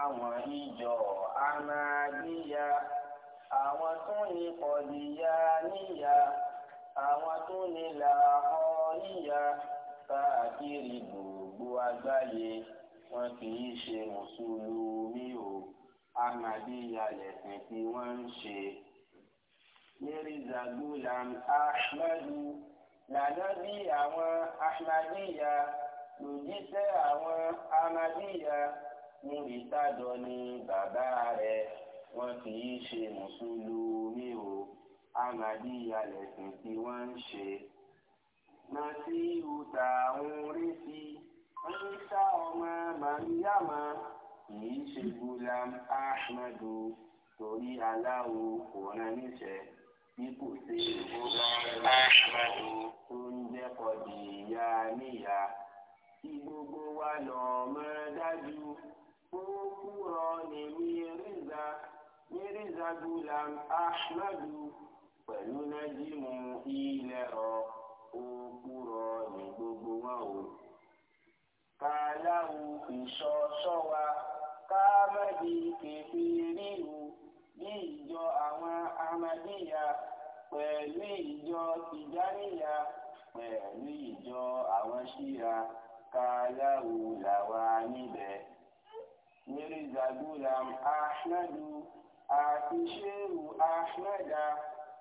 àwọn ìjọ Ahmadiyya àwọn tó ní kọ̀díyà níyà àwọn tó ní làhọ́níyà káàkiri gbogbo àgbáyé wọn kì í ṣe mùsùlùmí o Ahmadiyya lẹ̀sìn tí wọ́n ń ṣe. Mirza Ghulam Ahmadu lànàbí àwọn Ahmadiyya lòjíṣẹ́ àwọn Ahmadiyya níbi tádọ ni bàbá rẹ̀ wọ́n kì í ṣe mùsùlùmí o ahmadiyya lẹ̀sìn tí wọ́n ń ṣe. masihu tá ń retí Ìsá ọmọ Màríyàmá kìí ṣe Gulam Ahmadu torí aláwo kò rán níṣẹ́ bí kò Gulam Ahmadu tó ń jẹ́kọ̀ọ́ dìyà níyà kí gbogbo wa lọ́ọ́ mọ́ dájú kúrọ ní mírízà mírízà gulam ahmadu pẹ̀lú nájímù ilẹ̀ rọ òkúrọ ní gbogbo wọn o. kàláwù ìṣọṣọ wa káàmẹ́bí kẹfì ríru ní ìjọ àwọn amadíyà pẹ̀lú ìjọ tìjáníyà pẹ̀lú ìjọ àwọn ṣíra kàláwù làwa níbẹ̀ mirza gulam ahmadu àti shehu ahmada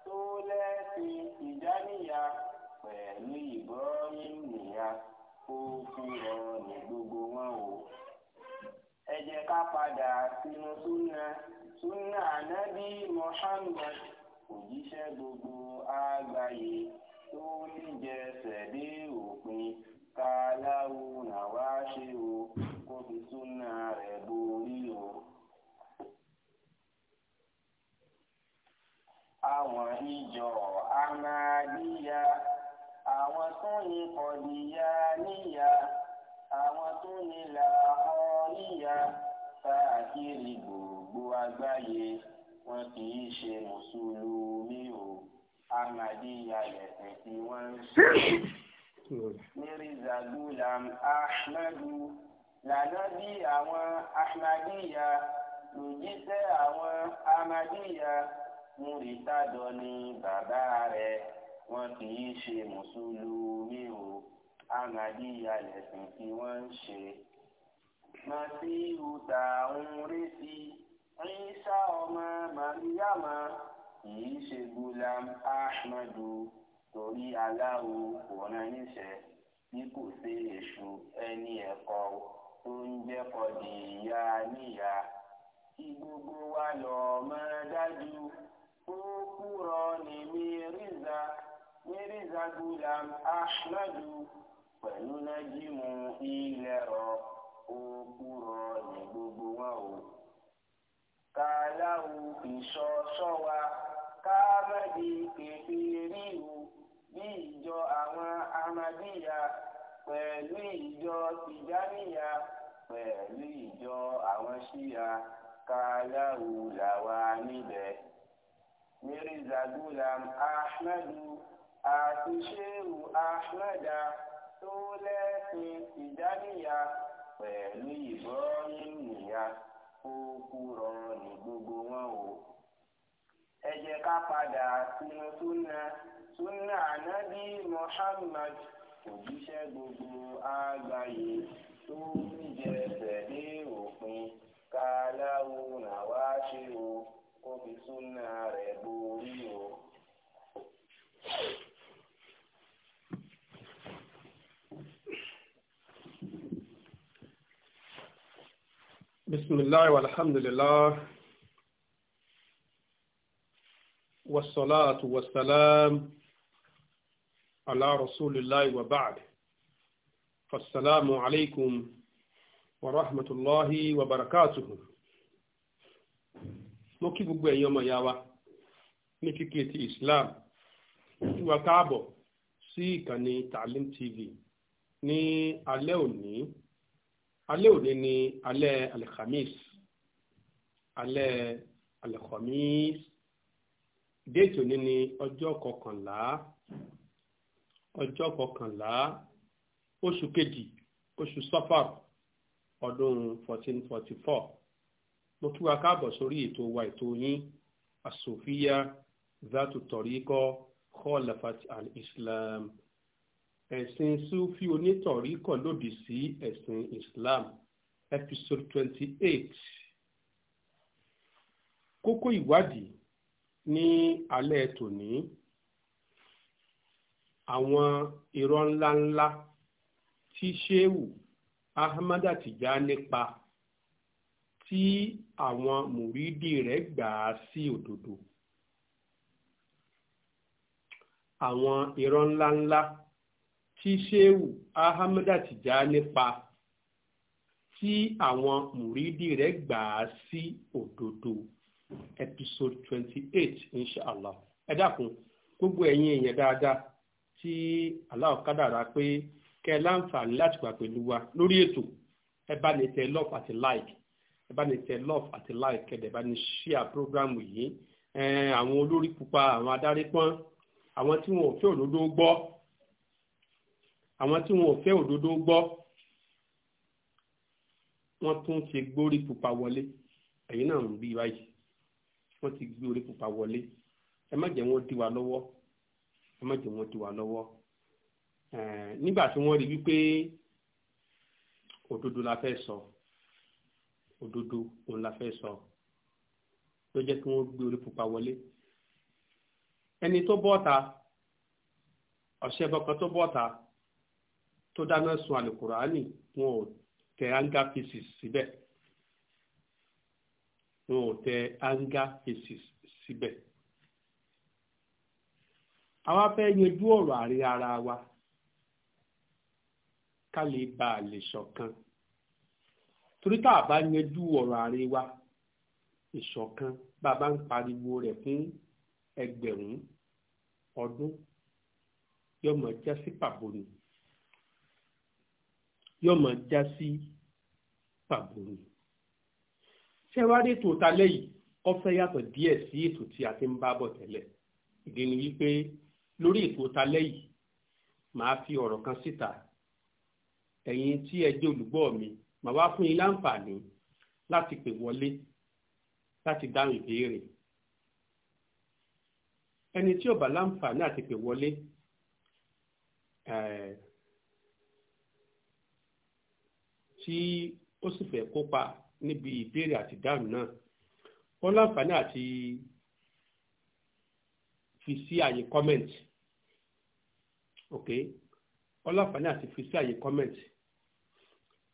tó lẹ́sìn ìjáníyà pẹ̀lú ìbọ́yìn nìyà ó kúrò ní gbogbo wọn o. ẹ jẹ́ ká padà sínú súnà súnà ànábì muhammad òjíṣẹ́ gbogbo àgbáyé tó níjẹsẹ̀ dé òpin ká láwùn àwa ṣe o fi súnà rẹ̀ borí o. àwọn ìjọ amáàdíyà àwọn tó ní kọ̀díyà níyà àwọn tó ní làhọ́ríyà káàkiri gbogbo àgbáyé wọn kì í ṣe mùsùlùmí o amáàdíyà ẹ̀sìn tí wọ́n ń ṣe. Mírízà Gúlam Ahmadu lànà bí àwọn ahmadiyya lòjíṣẹ́ àwọn ahmadiyya múritádọ ni bàbá rẹ̀ wọn kì í ṣe mùsùlùmí o ahmadiyya lẹ̀sìn tí wọ́n ń ṣe. masiru tá à ń retí Ìsá ọmọ màríyàmá kìí ṣe gulam ahmadu torí aláwo kò rán níṣẹ́ bí kò ṣe èṣù ẹni ẹ̀kọ́ tó ń jẹ́ kọ̀dì ìyá níyà kí gbogbo wa lọ máa dájú ó kúrọ ní mírízà mírízà gulam ahmadu pẹ̀lú nájímù ilẹ̀ ọ̀ ó kúrọ ní gbogbo wọn o. kàláwù ìṣọ́ṣọ́ wa káàmẹ́dì kékeré o bí ìjọ àwọn amadíyà pẹ̀lú ìjọ àwọn ṣíya káláwù làwa níbẹ̀. mirza gulam ahmadu àti sheu ahmada tó lẹ́sìn ìdáníyà pẹ̀lú ìbọ́yìn nìyà ó kúrọ̀ ní gbogbo wọn o. ẹ jẹ́ ká padà sínú súnà súnà ànábì muhammad òjíṣẹ́ gbogbo àgbáyé. بسم الله والحمد لله والصلاة والسلام على رسول الله وبعد فالسلام عليكم ورحمة الله وبركاته mo kí gbogbo ẹ̀yin ọmọ ìyá wa ní kíkí ti Islam kí wa káàbọ̀ sí ìkànnì Taalim TV ní alẹ́ òní alẹ́ òní ni alẹ́ alkhamis alẹ́ alkhamis déètì òní ni ọjọ́ kọkànlá ọjọ́ kọkànlá oṣù kejì oṣù safar ọdún 1444 mo kí wa káàbọ̀ sórí ètò wa ètò yín asòfíà zatu tọ̀ríkọ́ khalafat al-islam ẹ̀sìn sufi onítọ̀ríkọ̀ lòdì sí ẹ̀sìn islam episode 28 kókó ìwádìí ní alẹ́ tòní àwọn irọ́ ńláńlá. Ńlá tí sheu ahmada tijani pa tí àwọn mùrídì rẹ̀ gbà á sí òdodo àwọn irọ́ ńláńlá tí sheu ahmada tijani pa tí àwọn mùrídì rẹ̀ gbà á sí òdodo episode twenty eight inshallah ẹ dákun gbogbo ẹ̀yin èèyàn dáadáa tí aláọ̀kadà rà pé kẹ ẹ láǹfààní láti wà pẹ̀lú wa lórí ètò ẹ ní tẹ love àti like ẹ bá ní tẹ love àti like kẹdẹ bá ní share program yìí àwọn olórí pupa àwọn adarí pọ́n àwọn tí wọn ò fẹ́ òdodo gbọ́ àwọn tí wọn ò fẹ́ òdodo gbọ́ wọ́n tún ti gbórí pupa wọlé ẹ̀yin náà ń bí báyìí wọ́n ti gbórí pupa wọlé ẹ má jẹ́ wọ́n dí wa lọ́wọ́ ẹ má jẹ́ wọ́n dí wa lọ́wọ́. Eh, nígbà tí wọ́n rí wípé òdodo la fẹ́ sọ òdodo òun la fẹ́ sọ ló jẹ́ kí wọ́n gbé orí pupa wọlé ẹni tó bọ́ta ọ̀sẹ̀ bọ̀kan tó bọ́ta tó dáná sun àlùkùránì wọn ò tẹ anga pieces síbẹ̀ wọn ò tẹ anga pieces síbẹ̀ àwa fẹ́ yanjú ọ̀rọ̀ àárín ara wa ká lè bá a lè ṣọ̀kan torí tá a bá yanjú ọ̀rọ̀ àárẹ̀ wa ìṣọ̀kan bá a bá ń pariwo rẹ̀ fún ẹgbẹ̀rún ọdún yọmọ já sí pàbó ni yọmọ já sí pàbó ni ṣẹ́wárí ètò talẹ́ yìí ó fẹ́ yàtọ̀ díẹ̀ sí ètò tí a ti ń bá bọ̀ tẹ́lẹ̀ ìdí ni wípé lórí ètò talẹ́ yìí màá fi ọ̀rọ̀ kan síta ẹ̀yin tí ẹ jẹ́ olùgbọ́ mi màá wá fún yín láǹfààní láti pè wọlé láti dáhùn ìbéèrè ẹni tí ò bá láǹfààní àti pè wọlé eh, tí ó sì fẹ́ kópa níbi ìbéèrè àti dáhùn náà ó láǹfààní àti fi sí àyè kọ́mẹ̀ntì ok ó láǹfààní àti fi sí àyè kọ́mẹ̀ntì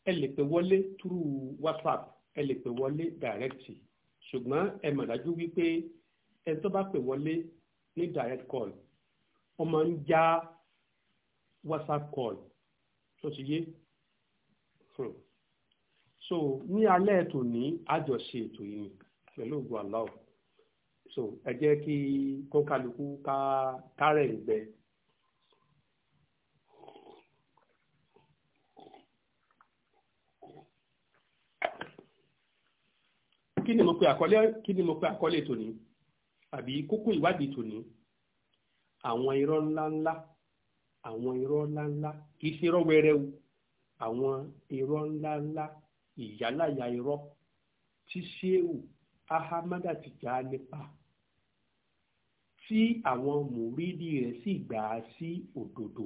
ẹ lè pè wọlé through whatsapp ẹ lè pè wọlé direct ṣùgbọ́n ẹ mọ̀ dájú wípé ẹ tó bá pè wọlé ní direct call wọ́n máa ń já whatsapp call tó ti yé hmm. so ní alẹ́ ètò ní àjọṣe ètò yìí pẹ̀lú ògùn aláwọ̀ so ẹ jẹ́ kí kọ́kálukú ká kárẹ̀ ń gbẹ. kí ni mo pe àkọlé kí ni mo pe àkọlé tòní àbí kókó ìwádìí tòní àwọn irọ́ ńláńlá àwọn irọ́ ńláńlá kì í ṣe irọ́ wẹrẹwu àwọn irọ́ ńláńlá ìyáláyà irọ́ tí ṣéwù ahamada ti já nípa tí àwọn mùrídì rẹ̀ sì gbà á sí òdodo.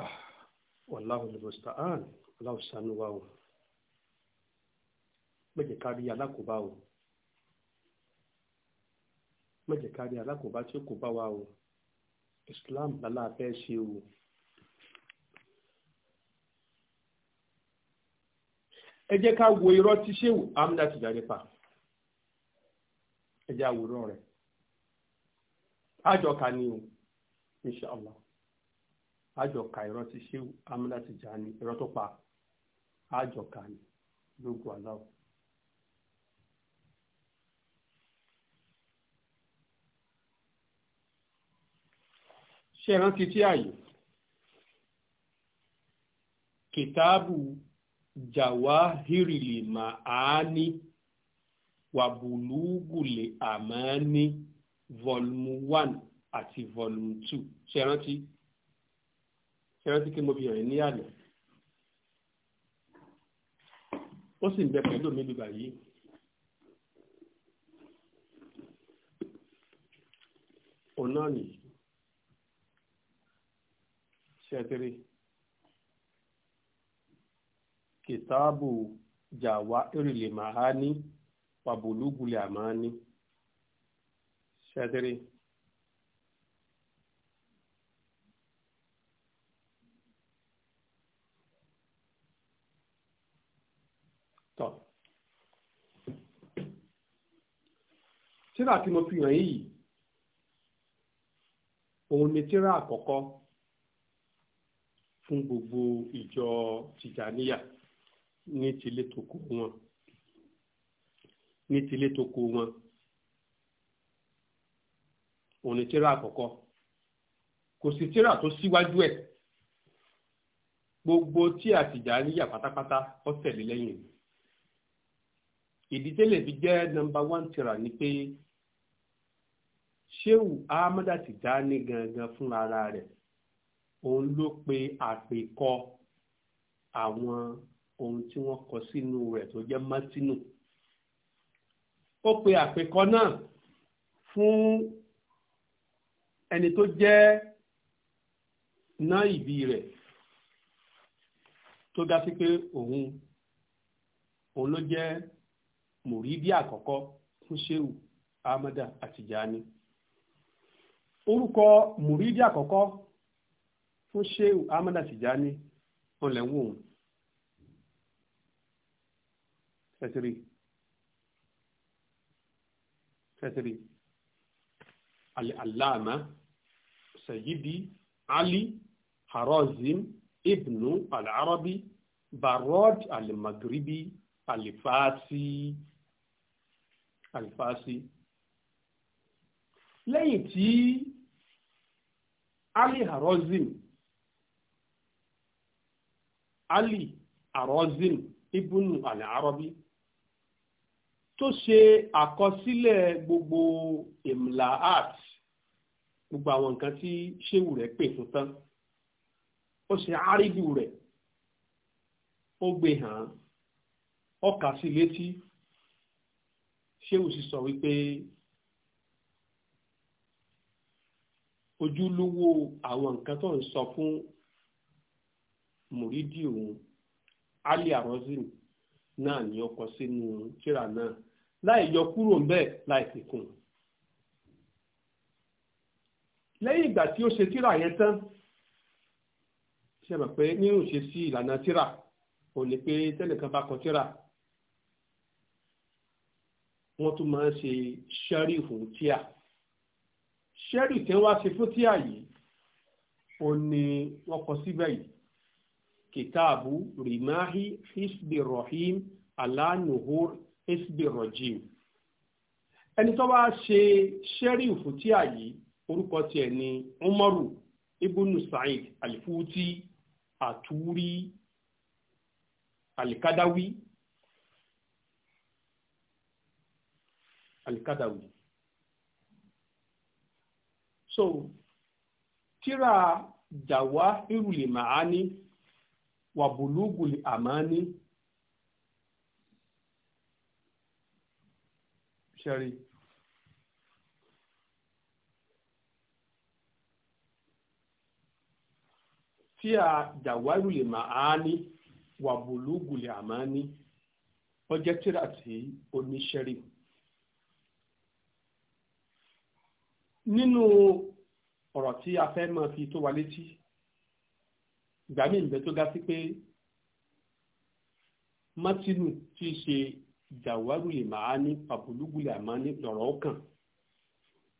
Ah. wallahu almusta'an law sanu waw maje kari ala ko bawo maje kari ala ko ba ti ko islam bala fe si o e je ka wo iro ti se wu amna ti jare pa e ja wo ka ni o àjọkà irọ́ ti ṣéwù amúlá ti jà ní irọ́ tó pa àjọkà ní lógo aláwọ̀. ṣe rántí tí àyè kìtáàbù jàwáhìrìlì màáni wàbùlùgùlè àmání volume one àti volume two ṣe rántí ṣẹ́rẹ́ tí kí mo fi hàn ní àná ó sì ń bẹ pẹ̀lú mi bíbà yìí òun náà nìyí ṣẹ́tẹ́rì jàwá ìrìlè màá ní pàbòlúgulẹ̀ àmà ní ṣẹ́tẹ́rì. tíra tí mo fi hàn yìí òun ni tíra àkọ́kọ́ fún gbogbo ìjọ tìjàníyà ní tilé toko wọn ní tilé toko wọn òun ni tíra àkọ́kọ́ kò sí tíra tó síwájú ẹ̀ gbogbo tí àtìjàníyà pátápátá ó tẹ̀lé lẹ́yìn ìdí tẹ́lẹ̀ fi jẹ́ nọ́mbà wán tíra ni pé ṣéwù ahmadu tijani gangan fúnra rẹ̀ òun ló pe àpèkọ àwọn ohun tí wọ́n kọ sínú rẹ̀ tó jẹ́ mọ́tínù ó pe àpèkọ náà fún ẹni tó jẹ́ ná ìbí rẹ̀ tó dá sí pé òun òun ló jẹ́ mùrídìí àkọ́kọ́ fún ṣéwù ahmadu àtijani orúkọ mùrídì àkọ́kọ́ fún sheu ahmed atijani ọ̀lẹ̀ ń wò wọ́n. fẹ́tìrì fẹ́tìrì al-allama sayyidi ali harazim ibnu al-arabi barod al-maghribi al lẹ́yìn tí ali harozim ali harozim ibunu àlẹ arọbí tó ṣe àkọsílẹ̀ gbogbo imla art gbogbo àwọn nǹkan tí ṣéwù rẹ̀ pè fún tán ó ṣe árídù rẹ̀ ó gbé hàn án ojúlówó àwọn nǹkan tó ń sọ fún mùrídì òun ali arozim náà ni ó kọ sínú tírà náà láì yọ kúrò ń bẹ́ẹ̀ láì fi kún un lẹ́yìn ìgbà tí ó ṣe tírà yẹn tán ṣe mọ̀ pé nínú ṣe sí ìlànà tírà ò ní pé tẹ́nìkan bá kọ tírà wọ́n tún máa ń ṣe ṣẹ́rí tíà ṣẹ́rì tí wọ́n ṣe fún tíà yìí ó ní wọ́n kọ síbẹ̀ yìí kìtàbù rimahi hisbi rahim alanuhur hisbi rajim ẹni tó bá ṣe ṣẹ́rì fún tíà yìí orúkọ tiẹ̀ ní umaru ibnu sa'id alifuti aturi alikadawi alikadawi so tíra jàwá ìrùlẹ̀ màání wàbùlùgùlì àmání ṣẹ́rí. tí a jàwárù lè máa ní wàbùlùgùlì àmání ó tíra tí oníṣẹ́rìí nínú ọ̀rọ̀ tí a fẹ́ máa fi tó wa létí ìgbà míì bẹ tó ga sí pé mátínù tí í ṣe jàwárù lè máa ní pàbùlùgù lè ní lọ̀rọ̀ ọkàn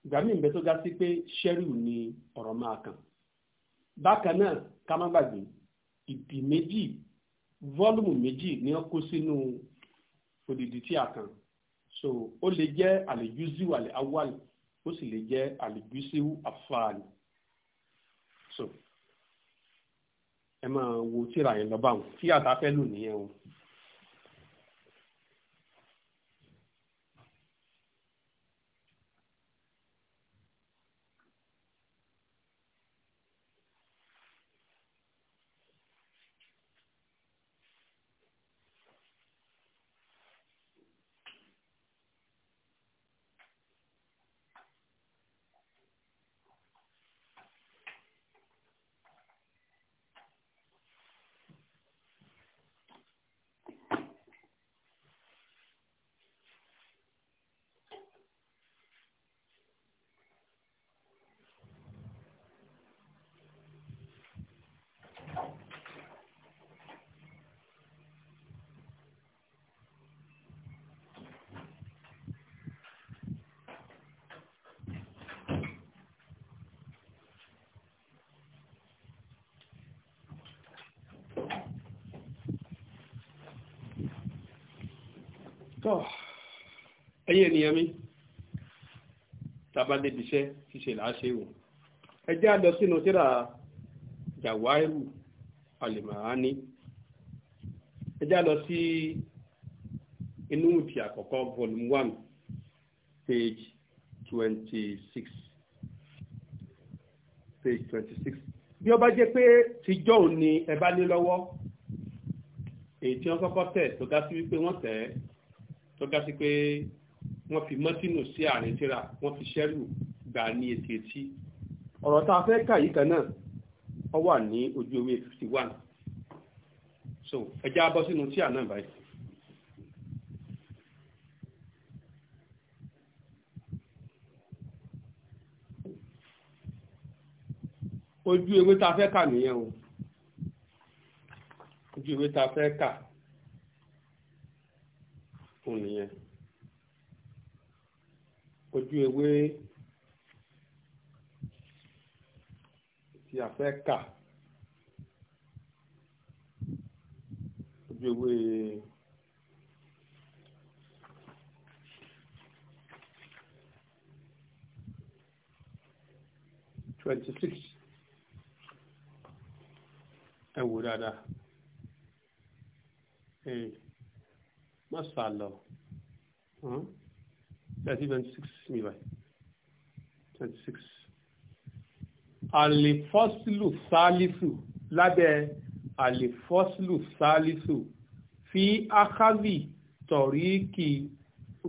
ìgbà míì bẹ tó ga sí pé ṣẹ́rù ni ọ̀rọ̀ máa kàn bákan náà ká má gbàgbé ìdì méjì fọ́lùmù méjì ni wọ́n kó sínú odidi tí a kàn so ó lè jẹ́ àlejò zíwàlẹ̀ awálẹ̀ ó sì lè jẹ́ àlùbísíwù àfààní so ẹ máa wo tíra yẹn lọ báwọn tí àtàfẹ́ lò nìyẹn o. tọ́ ẹ̀yin ènìyàn mi tábàdé bíṣẹ́ ṣíṣe làáṣẹ wò ẹ jẹ́ àlọ́ sínú tíra jàwáìrù alìmọ̀ání ẹ jẹ́ àlọ́ sí inú ìtì àkọ́kọ́ volume one page twenty six page twenty six bí ó bá jẹ́ pé tijọ́ ò ní ẹ bá ní lọ́wọ́ èyí tí wọ́n kọ́kọ́ tẹ̀ tó ga sí wípé wọ́n tẹ̀ ẹ́ tó ga sí pé wọ́n fi mọ́tínù sí àárín tíra wọ́n fi ṣẹ́rù gbà ní etí etí ọ̀rọ̀ tá a fẹ́ kà yìí kan náà ó wà ní ojú ewé fifty one so ẹja bọ́ sínú tíra náà báyìí. ojú ewé tá a fẹ́ kà nìyẹn o ojú ewé tá a fẹ́ kà fún nìyẹn ojú ewé tí a fẹ́ kà ojú ewé twenty six ẹ wò dáadáa má sà lọ thirty twenty six mi báyìí twenty six àlefọ́sílù sálífù lábẹ́ àlefọ́sílù sálífù fi ákázì tọ̀ríkì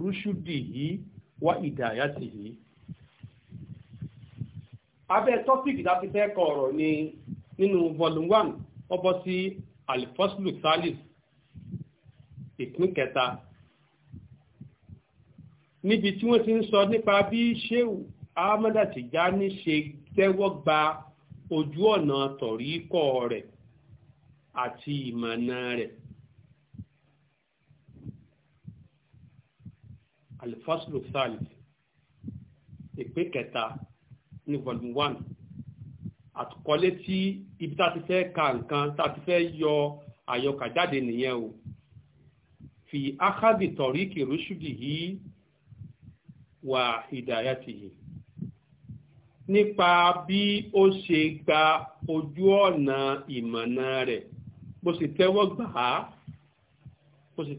rúṣùdì yìí wá ìdáyàtì yìí. abẹ́ tọ́pìkì láti fẹ́ kọ ni nínú volume one ó bọ́ sí àlefọ́sílù ìpín kẹta níbi tí wọ́n ti ń sọ nípa bí Shehu Ahmad Tijani ṣe tẹ́wọ́ gba ojú ọ̀nà tọ̀ríkọ̀ rẹ̀ àti ìmọ̀nà rẹ̀. alifasulu thalith ìpín kẹta ní volume one àkọlé tí ibi tá a ti fẹ́ ka nǹkan tá a ti fẹ́ yọ àyọkà jáde nìyẹn o fi akhadi tọ̀ríkì rúṣùdìhí wà hidayatihi nípa bí ó ṣe gba ojú ọ̀nà ìmọ̀nà rẹ̀ bó sì tẹ́wọ́ gbà á bó sì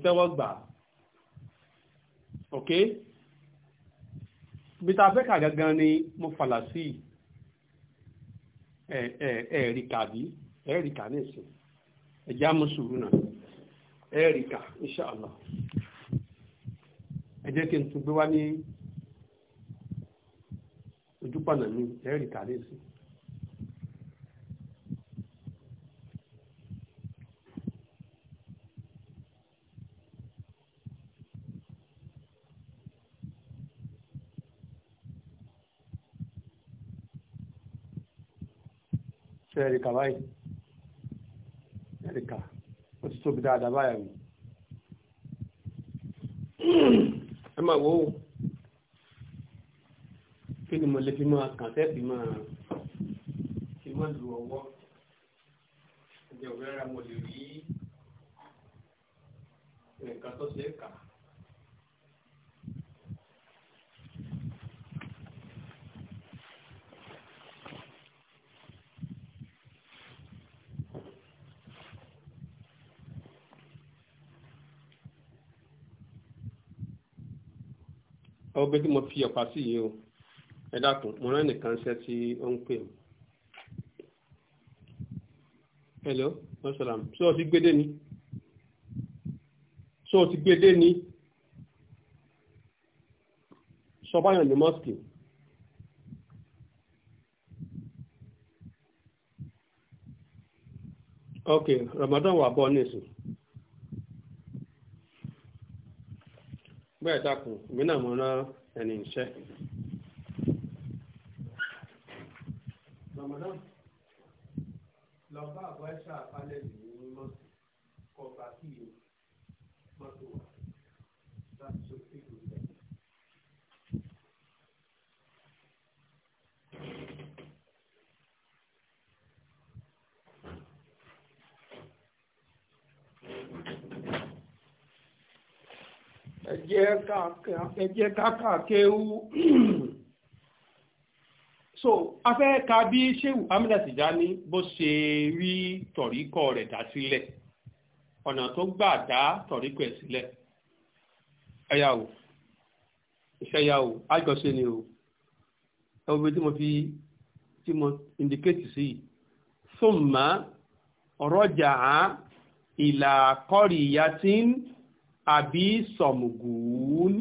ok bí ta gangan ni mo fàlà sí ẹ̀ẹ̀ẹ̀ẹ̀ríkà ẹ̀ríkà inṣàlá ẹ jẹ́ kí n tún gbé wá ní ojúpànà ní ẹ̀ríkà lẹ́sìn. ṣe báyìí ẹ̀ríkà tóbi dáadáa báyà mi ẹ máa wò ó kí ni mo lè fi máa kàn tẹ́ẹ̀fì máa fi máa lu ọwọ́ ẹ̀jẹ̀ òwúrẹ́ra mo lè rí nǹkan tó ṣe é kà á. ọgbẹ́ tí mo fi ọ̀pá sí yìí o ẹ dákun mo rán nìkan ṣẹ́ tí ó ń pè o. hello masalam ṣé o ti gbé dé ni ṣé o ti gbé dé ni sọ báyọ̀ ní mọ́sìkì. ok Ramadan wà bọ́ nísìnyí. bẹ́ẹ̀ dákun èmi náà mo rán ẹni iṣẹ́. lọ́mọdé lọ bá àbọ̀ ẹ̀ṣà àpálẹ̀ yìí ní mọ́sí kọ́ bá kí yìí. ẹ jẹ́ káàkà kéwú so afẹ́ ka bí Shehu Amida Tijani bó ṣe rí tọ̀ríkọ̀ rẹ̀ dá sílẹ̀ ọ̀nà tó gbà dá tọ̀ríkọ̀ ẹ̀ sílẹ̀ ẹ̀yà o iṣẹ́ yà o àjọṣe ni o ẹ̀wọ̀n bí tí mo fi tí mo indicate sí i thumma raja'a ila qariyatin àbí sọ̀mùgùn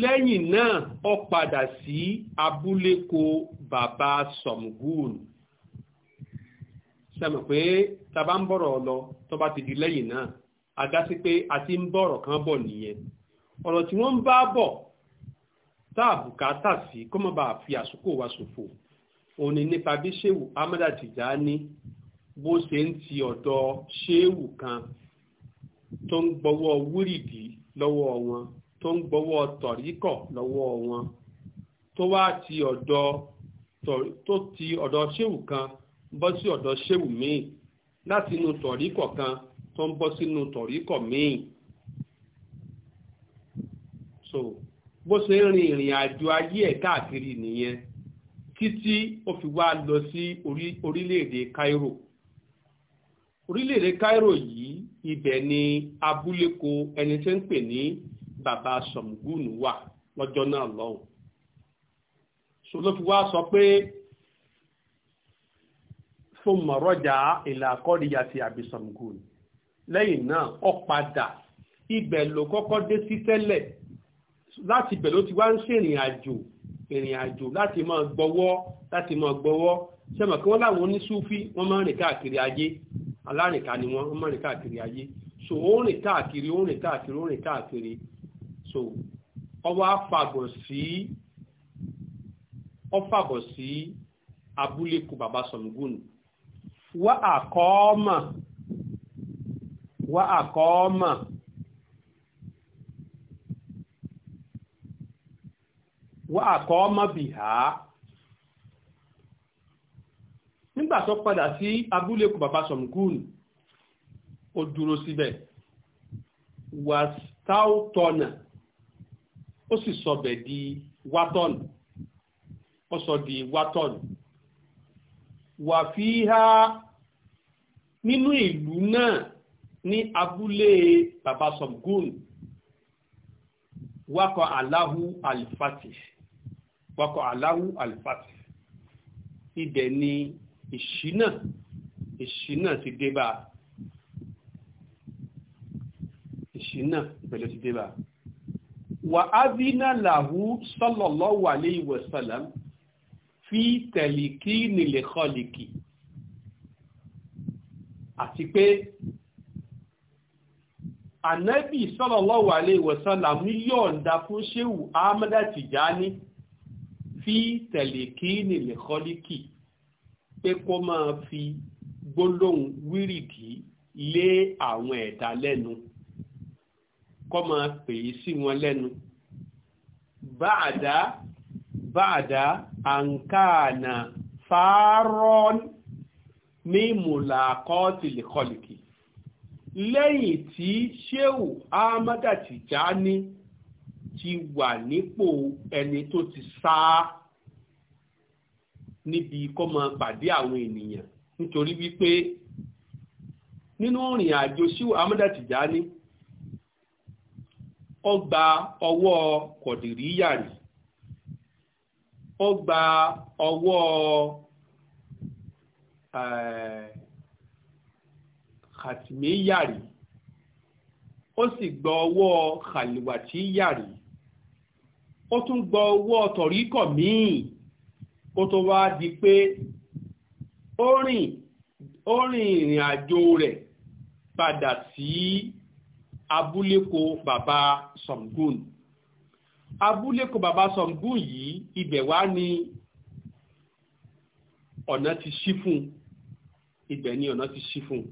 lẹ́yìn náà ó padà sí abúléko bàbá sọ̀mùgùn sẹ́mi pé tá a bá ń bọ̀rọ̀ lọ tó bá ti di lẹ́yìn náà a dá sí pé a ti ń bọ̀rọ̀ kan bọ̀ nìyẹn ọ̀rọ̀ tí wọ́n ń bá bọ̀ tá bùkátà sí kó má bàa wa ṣòfò òní nípa bí Ṣéwù Amada bó ṣe ń ti ọ̀dọ̀ Ṣéwù kan tó ń gbọ́wọ́ wúrìdì lọ́wọ́ wọn tó ń gbọ́wọ́ tọ̀ríkọ̀ lọ́wọ́ wọn tó wá ti ọ̀dọ̀ tó ti ọ̀dọ̀ ṣéwù kan bọ́ sí ọ̀dọ̀ ṣéwù míì láti inú tọ̀ríkọ̀ kan tó ń bọ́ sínú tọ̀ríkọ̀ míì. so bó ṣe ń rin ìrìn àjò ayé ẹ̀ káàkiri nìyẹn títí ó fi wá lọ sí orílẹ̀-èdè Cairo orílẹ̀-èdè Cairo yìí ibẹ̀ ni abúléko ẹni tí ń pè ní bàbá sọ̀mùgùnù wà lọ́jọ́ náà lọ́hùn so ló fi wá sọ pé fún mọ̀rọ́jà ìlà àkọ́ríyà ti àbí sọ̀mùgùnù lẹ́yìn náà ó padà ibẹ̀ ló kọ́kọ́ dé sí tẹ́lẹ̀ láti ibẹ̀ ló ti wá ń ṣèrìn àjò ìrìn àjò láti máa gbọ́wọ́ láti máa gbọ́wọ́ ṣé kí wọ́n láwọn oníṣúfí wọ́n máa ń rìn káàkiri ayé alárìnká ni wọ́n wọ́n mọ̀rìn káàkiri ayé so ó rìn káàkiri ó rìn káàkiri ó káàkiri so ọwọ́ afàgọ̀ sí ọfàgọ̀ sí abúlé ku bàbá sọ̀mùgùnù wá àkọ́ọ́mà wá àkọ́ọ́mà. wa akoma biha nígbà tó padà sí abúlé kù bàbá sọ̀mùkúùnù ó dúró síbẹ̀ wàstáùtọ̀nà ó sì sọbẹ̀ di wátọ̀nù ó sọ di wátọ̀nù wà fi há nínú ìlú náà ní abúlé bàbá sọ̀mùkúùnù wakọ̀ aláhu alifati wakọ̀ aláhu alifati ibẹ̀ ni ìṣínà ìṣínà ti dé bá ìṣínà pẹ̀lú ti dé bá wà á bí náà làwú sallallahu alayhi wa sallam fi tẹ̀lìkí nílẹ̀ kọlìkì àti pé ànábì sallallahu alayhi wa sallam yọ̀ǹda fún ṣéwù Ahmad fi tẹ̀lìkí nílẹ̀ kọlìkì pé kó máa fi gbólóhùn wírìdì lé àwọn ẹ̀dá lẹ́nu kó máa pè é sí wọn lẹ́nu báàdá báàdá àǹkáànà fàárọ́n ní mùlàkọ́tì lìkọlìkì lẹ́yìn tí ṣéwù ahmadati jáni ti wà nípò ẹni tó ti sáá níbi kọ́ máa pàdé àwọn ènìyàn nítorí wípé nínú ìrìn àjò síwò amúdà ní ó gba ọwọ́ kọ̀dìríyà rí ó gba ọwọ́ eh, kàtìmíyà rí ó sì gba ọwọ́ kàlìwàtíyà rí ó tún gba ọwọ́ tọ̀ríkọ̀ míì kó tó wá di pé ó rìn ó rìn ìrìn àjò rẹ̀ padà sí abúléko bàbá Ṣàngún abúléko bàbá Ṣàngún yìí ibẹ̀ wá ní ọ̀nà ti ṣí fún ibẹ̀ ní ọ̀nà ti ṣí fún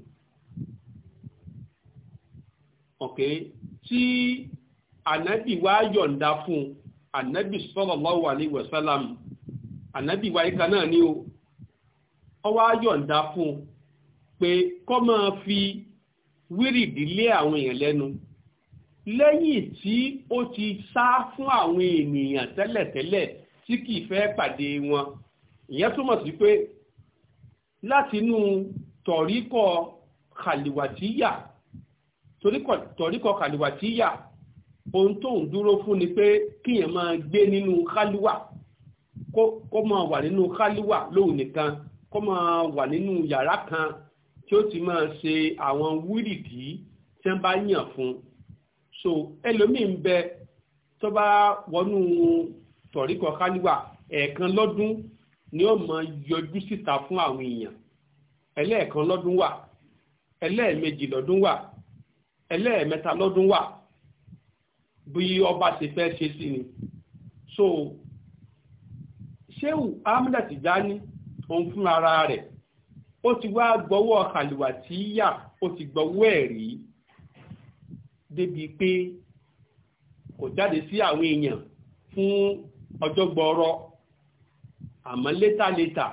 ọ̀kẹ́ tí ànábì wá yọ̀ǹda fún ànábì sallallahu alaihi wasallam ànábì wa ìka náà ni o ọwọ́ ayọ̀ǹda fún un pé kọ́ máa fi wírìdì lé àwọn èèyàn lẹ́nu lẹ́yìn tí ó ti sá fún àwọn ènìyàn tẹ́lẹ̀tẹ́lẹ̀ tí kìí fẹ́ pàdé wọn ìyẹn túmọ̀ sí pé látinú tọ̀ríkọ̀ kàlìwàtíyà tọ̀ríkọ̀ kàlìwàtíyà ohun tó ń dúró fún ni pé kíyàn máa gbé nínú kálíwà kó máa wà nínú káliwà lóhùn nìkan kó máa wà nínú yàrá kan tí ó ti máa ṣe àwọn wíìdì tí wọ́n bá yàn fún un so ẹlòmíín bẹ tó bá wọnú tọ̀ríkọ̀ káliwà ẹ̀ẹ̀kan lọ́dún ni ó máa yọjú síta fún àwọn èèyàn ẹlẹ́ẹ̀kan lọ́dún wà ẹlẹ́ẹ̀mejì lọ́dún wà ẹlẹ́ẹ̀mẹ́ta lọ́dún wà bí ọba ṣe fẹ́ ṣe sí ni so ṣéwù amúdà Tìjání òun fún ara rẹ̀ ó ti wá gbọ́wọ́ àlùwà tí yà ó ti gbọ́wọ́ ẹ̀ rí débi pé kò jáde sí àwọn èèyàn fún ọjọ́ gbọ́ọ̀rọ̀ àmọ́ létàlétà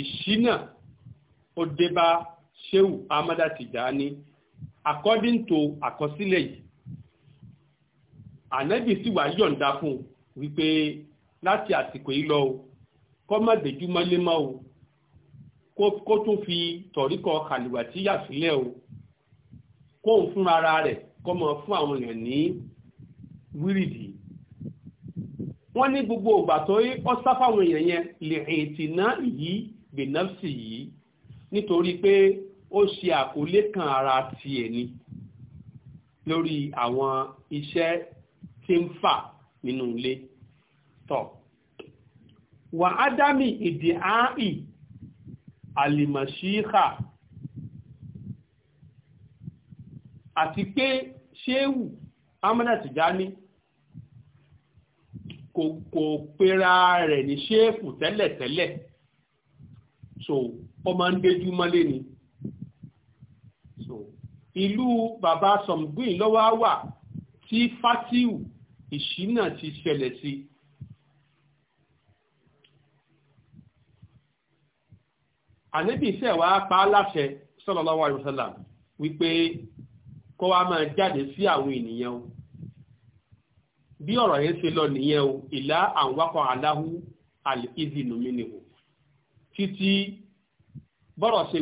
ìṣínà ó débá ṣéwù amúdà Tìjání according to àkọsílẹ̀ yìí ànábì sì wá yọ̀ǹda fún wípé láti àsìkò yìí lọ o kọ́ má dèjú mọ́lé mọ́ o kó tún fi tọ̀ríkọ̀ kàlùwà tí yà sílẹ̀ o kó ń fún ara rẹ̀ kọ́ mọ́ fún àwọn èèyàn ní wíìrìdì wọ́n ní gbogbo ògbà tó yí ọ́ sáfàwọn èèyàn yẹn lè ètì náà yìí gbènáfsì yìí nítorí pé ó ṣe àkọlé kan ara tiẹ̀ ni lórí àwọn iṣẹ́ tí ń fà nínú ilé tọ̀ wà ádámì ìdí áì àlìmọ̀ṣíhà àti pé ṣéwù Ahmad Tijani kò kò pera rẹ̀ ní ṣéèfù tẹ́lẹ̀tẹ́lẹ̀ so ó máa ń déjú ni so ìlú bàbá sọ̀mùgbìn lọ́wọ́ wà tí fátíù ìṣínà ti ṣẹlẹ̀ sí i ànábì iṣẹ́ wa pa á láṣẹ sallallahu alaihi wasallam wípé kó wa máa jáde sí àwọn ènìyàn o bí ọ̀rọ̀ yẹn ṣe lọ nìyẹn o ìlà àwọn wakọ̀ aláhu al-izinu minhu títí bọ́rọ̀ ṣe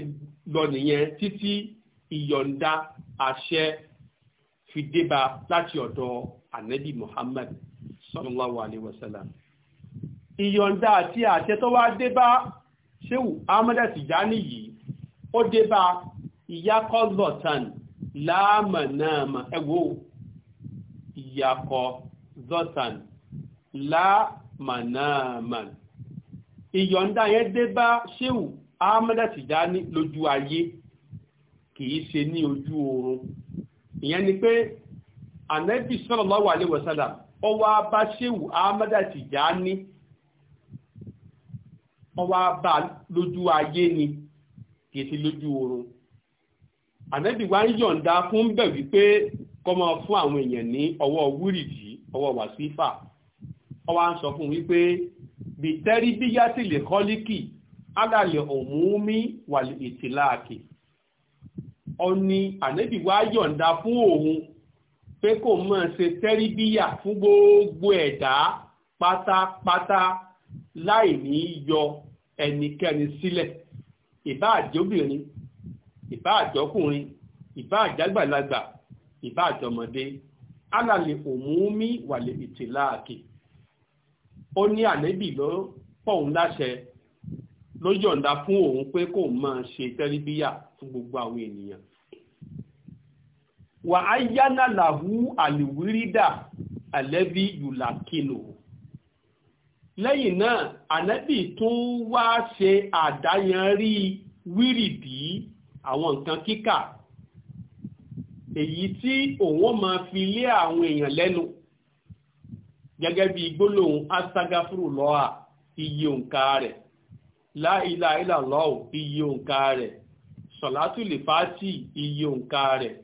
lọ nìyẹn títí ìyọ̀ǹda àṣẹ fi débá láti ọ̀dọ̀ ànábì Muhammad sallallahu alaihi wasallam ìyọ̀ǹda àti àṣẹ tó wá débá ṣéwù Ahmada Tijani yìí ó dé bá ìyákọ́ zọ̀tàn láàmànàmà ẹ̀wò ìyàkọ́ zọ̀tàn láàmànàmà ìyọ̀ǹda yẹn dé bá ṣéwù Ahmada Tijani lójú ayé kìí ṣe ní ojú oorun ìyẹn ni pé Ànábì sallallahu alaihi wasallam ó wá ṣéwù Ahmada Tijani wọ́n wá bá lójú ayé ni kì í sí lójú oorun ànábì wa ń yọ̀ǹda fún bẹ̀ wípé kọ́ máa fún àwọn èèyàn ní ọwọ́ wúrìdì ọwọ́ wàsífà ọwọ́ à ń sọ fún wípé bí tẹ́rí bí yásì lè kọ́líkì alàlẹ̀ òmùmí wà ìtìláàkì ó ní ànábì wa yọ̀ǹda fún òun pé kò máa ṣe tẹ́rí bíyà fún gbogbo ẹ̀dá pátápátá láì ní yọ ẹnikẹ́ni sílẹ̀ ìbá àjọbìnrin ìbá àjọkùnrin ìbá àjàgbàlagbà ìbá àjọmọdé alàlè òmùmí wàlè ìtìláàkì ó ní ànẹ́bì ló pọ̀ òun láṣẹ ló yọ̀ǹda fún òun pé kó máa ṣe tẹ́ríbíyà fún gbogbo àwọn ènìyàn wà á yánà làwú àlìwírídà àlẹ́bí yùlàkínò lẹ́yìn náà ànábì tún wá ṣe àdáyanrí wírìdì àwọn nǹkan kíkà èyí tí òun máa fi lé àwọn èèyàn lẹ́nu gẹ́gẹ́ bí gbólóhùn asagafuru lọ́à iye òǹkà rẹ̀ láìlà ìlà lọ́ọ̀ iye òǹkà rẹ̀ sọ̀látùlì fàátì iye òǹkà rẹ̀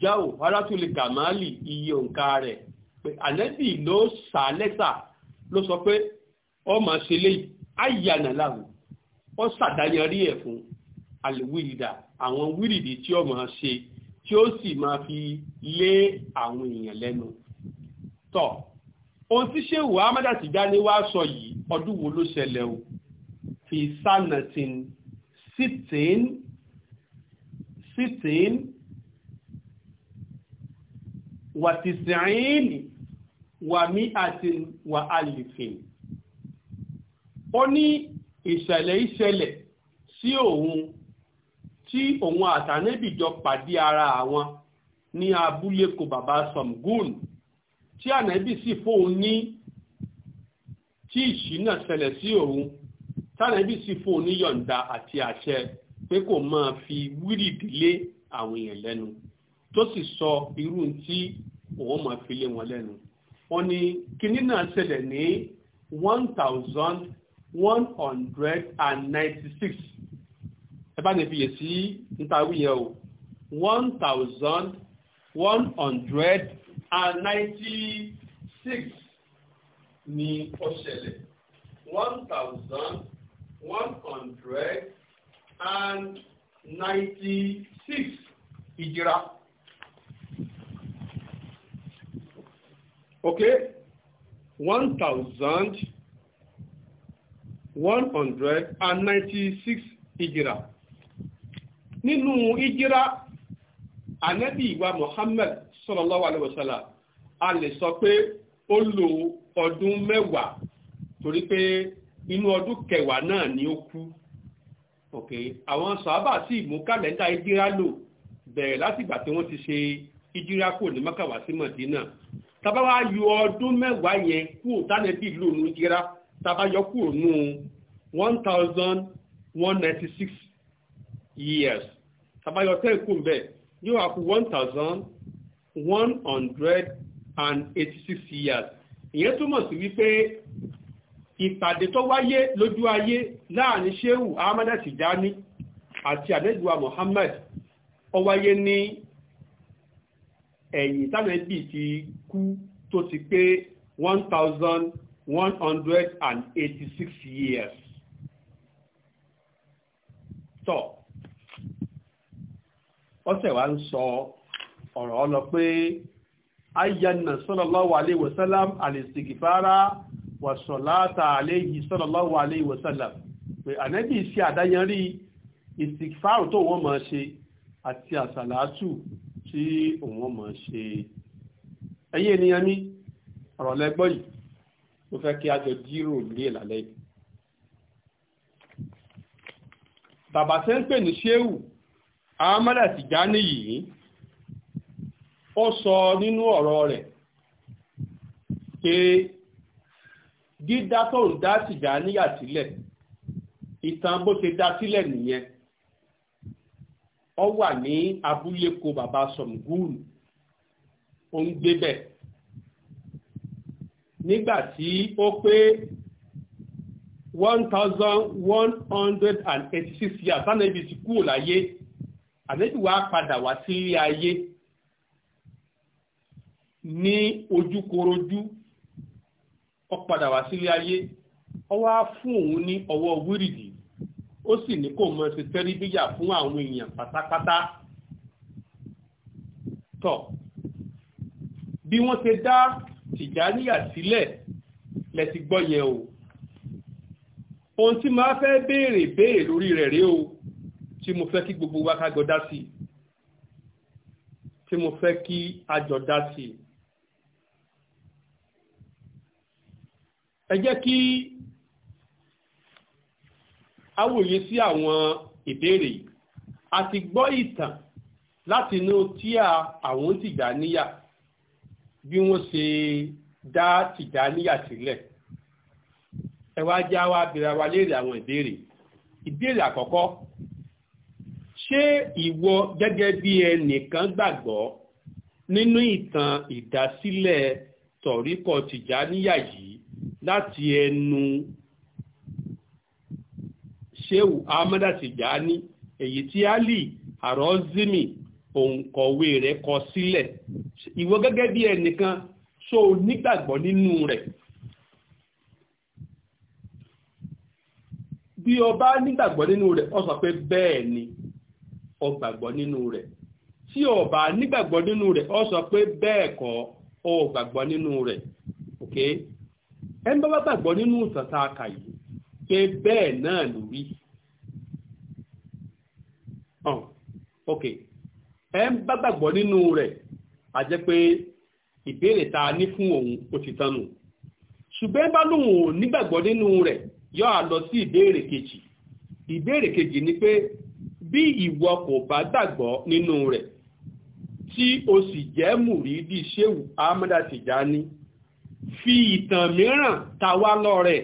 jáò haratùlì kàmáàlì iye òǹkà rẹ̀ ànábì ló sàálẹ́sà ló sọ pé ọ máa ṣe léyìí àyànà láwọn ó ṣàdáyanrí ẹ̀ fún àlùwìrìdà àwọn wìrìdì tí ó máa ṣe tí ó sì máa fi lé àwọn èèyàn lẹ́nu tọ́ ohun tí ṣéwù amádà Tìjání wá sọ yìí ọdún wo ló ṣẹlẹ̀ o fi sanatin sitin sitin wàtìsìn wà mí wa wà alìfin ó ní ìṣẹ̀lẹ̀ ìṣẹ̀lẹ̀ sí òun tí òun àtànẹ́bìjọ pàdé ara àwọn ní abúlé kò bàbá samgun tí ànẹ́bì sì fóun ní tí ìṣínà ṣẹlẹ̀ sí òun tànẹ́bì sì fóun ní yọ̀ǹda àti àṣẹ pé kò máa fi wírìdì lé àwọn èèyàn lẹ́nu tó sì sọ irú tí òun máa fi lé wọn lẹ́nu ó ní kinní náà ṣẹlẹ̀ ní one thousand one hundred and ninety six ẹ bá ní fiyè sí nítorí yẹn o one thousand one hundred and ninety six ni ó ṣẹlẹ̀ one thousand one hundred and ninety six ìjìra. okay one thousand one hundred and ninety-six hijira nínú hijira anabi iwa Muhammad sallallahu alaihi wasallam a lè sọ pé ó lò ọdún mẹ́wàá torí pé inú ọdún kẹwàá náà ni ó kú ok àwọn sàábà sì mú kàlẹ́ndà hijira lò bẹ̀rẹ̀ láti ìgbà tí wọ́n ti ṣe hijira kò ní mọ́kàwá sí Mọ̀dínà tàbá wá yọ ọdún mẹ́wàá yẹn kúrò tánẹ́bí lónìí jẹ́ra tàbá yọ kúrò nù one thousand one ninety six years tàbá yọ tẹ́ ìkú mbẹ́ yóò wá kú one thousand one hundred and eighty six years ìyẹn túmọ̀ sí wípé ìpàdé tó wáyé lójú ayé láàrin Shehu Ahmad Tijani àti àdẹ́gbùwà Muhammad ó ní ẹ̀yìn tánẹ́bí ti kú tó ti pé one thousand one hundred and eighty-six years. tọ́ ọ̀sẹ̀ wa ń sọ ọ̀rọ̀ ọ lọ pé ayyanna sallallahu alayhi wa sallam al-istighfara wa salata alayhi sallallahu alayhi wa sallam pé ànábì ṣe àdáyanrí istighfar tó wọ́n máa ṣe àti àsàlátù tí òun máa ṣe ẹ̀yin ènìyàn mi ọ̀rọ̀ lẹ́gbọ́ yìí mo fẹ́ kí a jọ jíròrò lórí ìlàlẹ́ yìí bàbá tẹ́ ń pè ní ṣéwù Ahmada Tijani yìí ó sọ nínú ọ̀rọ̀ rẹ̀ pé dídá tó ń dá Tìjàníyà sílẹ̀ ìtàn bó ṣe dá sílẹ̀ nìyẹn ó wà ní abúléko bàbá sọmgúrù ó ń gbé bẹ̀ nígbà tí ó pé one thousand one hundred and eighty six years sanabi ti kúrò láyé ànábì wa padà wá sí ilé ayé ní ojúkorojú ó padà wá sílé ayé ó wá fún òun ní ọwọ́ wíìrìdì ó sì ní kó mọ̀ ṣe tẹ́ríbíyà fún àwọn èèyàn pátápátá tọ́ bí wọ́n ṣe dá tìjáníyà sílẹ̀ lẹ́ti gbọ́ yẹ o ohun tí máa fẹ́ béèrè béèrè lórí rẹ̀ rèé o tí mo fẹ́ kí gbogbo wa ká sí tí mo fẹ́ kí a jọ dá sí ẹ jẹ́ kí a sí àwọn ìbéèrè yìí a ti gbọ́ ìtàn látinú tíà àwọn Tìjàníyà bí wọ́n ṣe dá tìjáníyà sílẹ̀ ẹ wá já wá bira wa léèrè àwọn ìbéèrè ìbéèrè àkọ́kọ́ ṣé ìwọ gẹ́gẹ́ bí ẹnìkan gbàgbọ́ nínú ìtàn ìdásílẹ̀ tọ̀ríkọ̀ tìjáníyà yìí láti ẹnu Shehu Ahmada Tijani èyí tí Ali Arozimi òǹkọ̀wé rẹ̀ kọ sílẹ̀ ìwọ gẹ́gẹ́ bí ẹnìkan so nígbàgbọ́ nínú rẹ̀ bí o nígbàgbọ́ nínú rẹ̀ o sọ pé bẹ́ẹ̀ ni o gbàgbọ́ nínú rẹ̀ tí o nígbàgbọ́ nínú rẹ̀ ọ sọ pé bẹ́ẹ̀ o gbàgbọ́ nínú rẹ̀ ok ẹ ń bá gbàgbọ́ nínú ìtàtà àkà pé ok ẹ ń bá gbàgbọ́ nínú rẹ̀ a jẹ́ pé ìbéèrè tá a ní fún òun ó ti tán nù ṣùgbọ́n bá lóun ò nígbàgbọ́ nínú rẹ̀ yọ à lọ sí ìbéèrè kejì ìbéèrè kejì ni pé bí ìwọ kò bá gbàgbọ́ nínú rẹ̀ tí o sì jẹ́ mùrídìí Ṣéwù Ahmada Tijani fi ìtàn mìíràn ta wá lọ́rẹ̀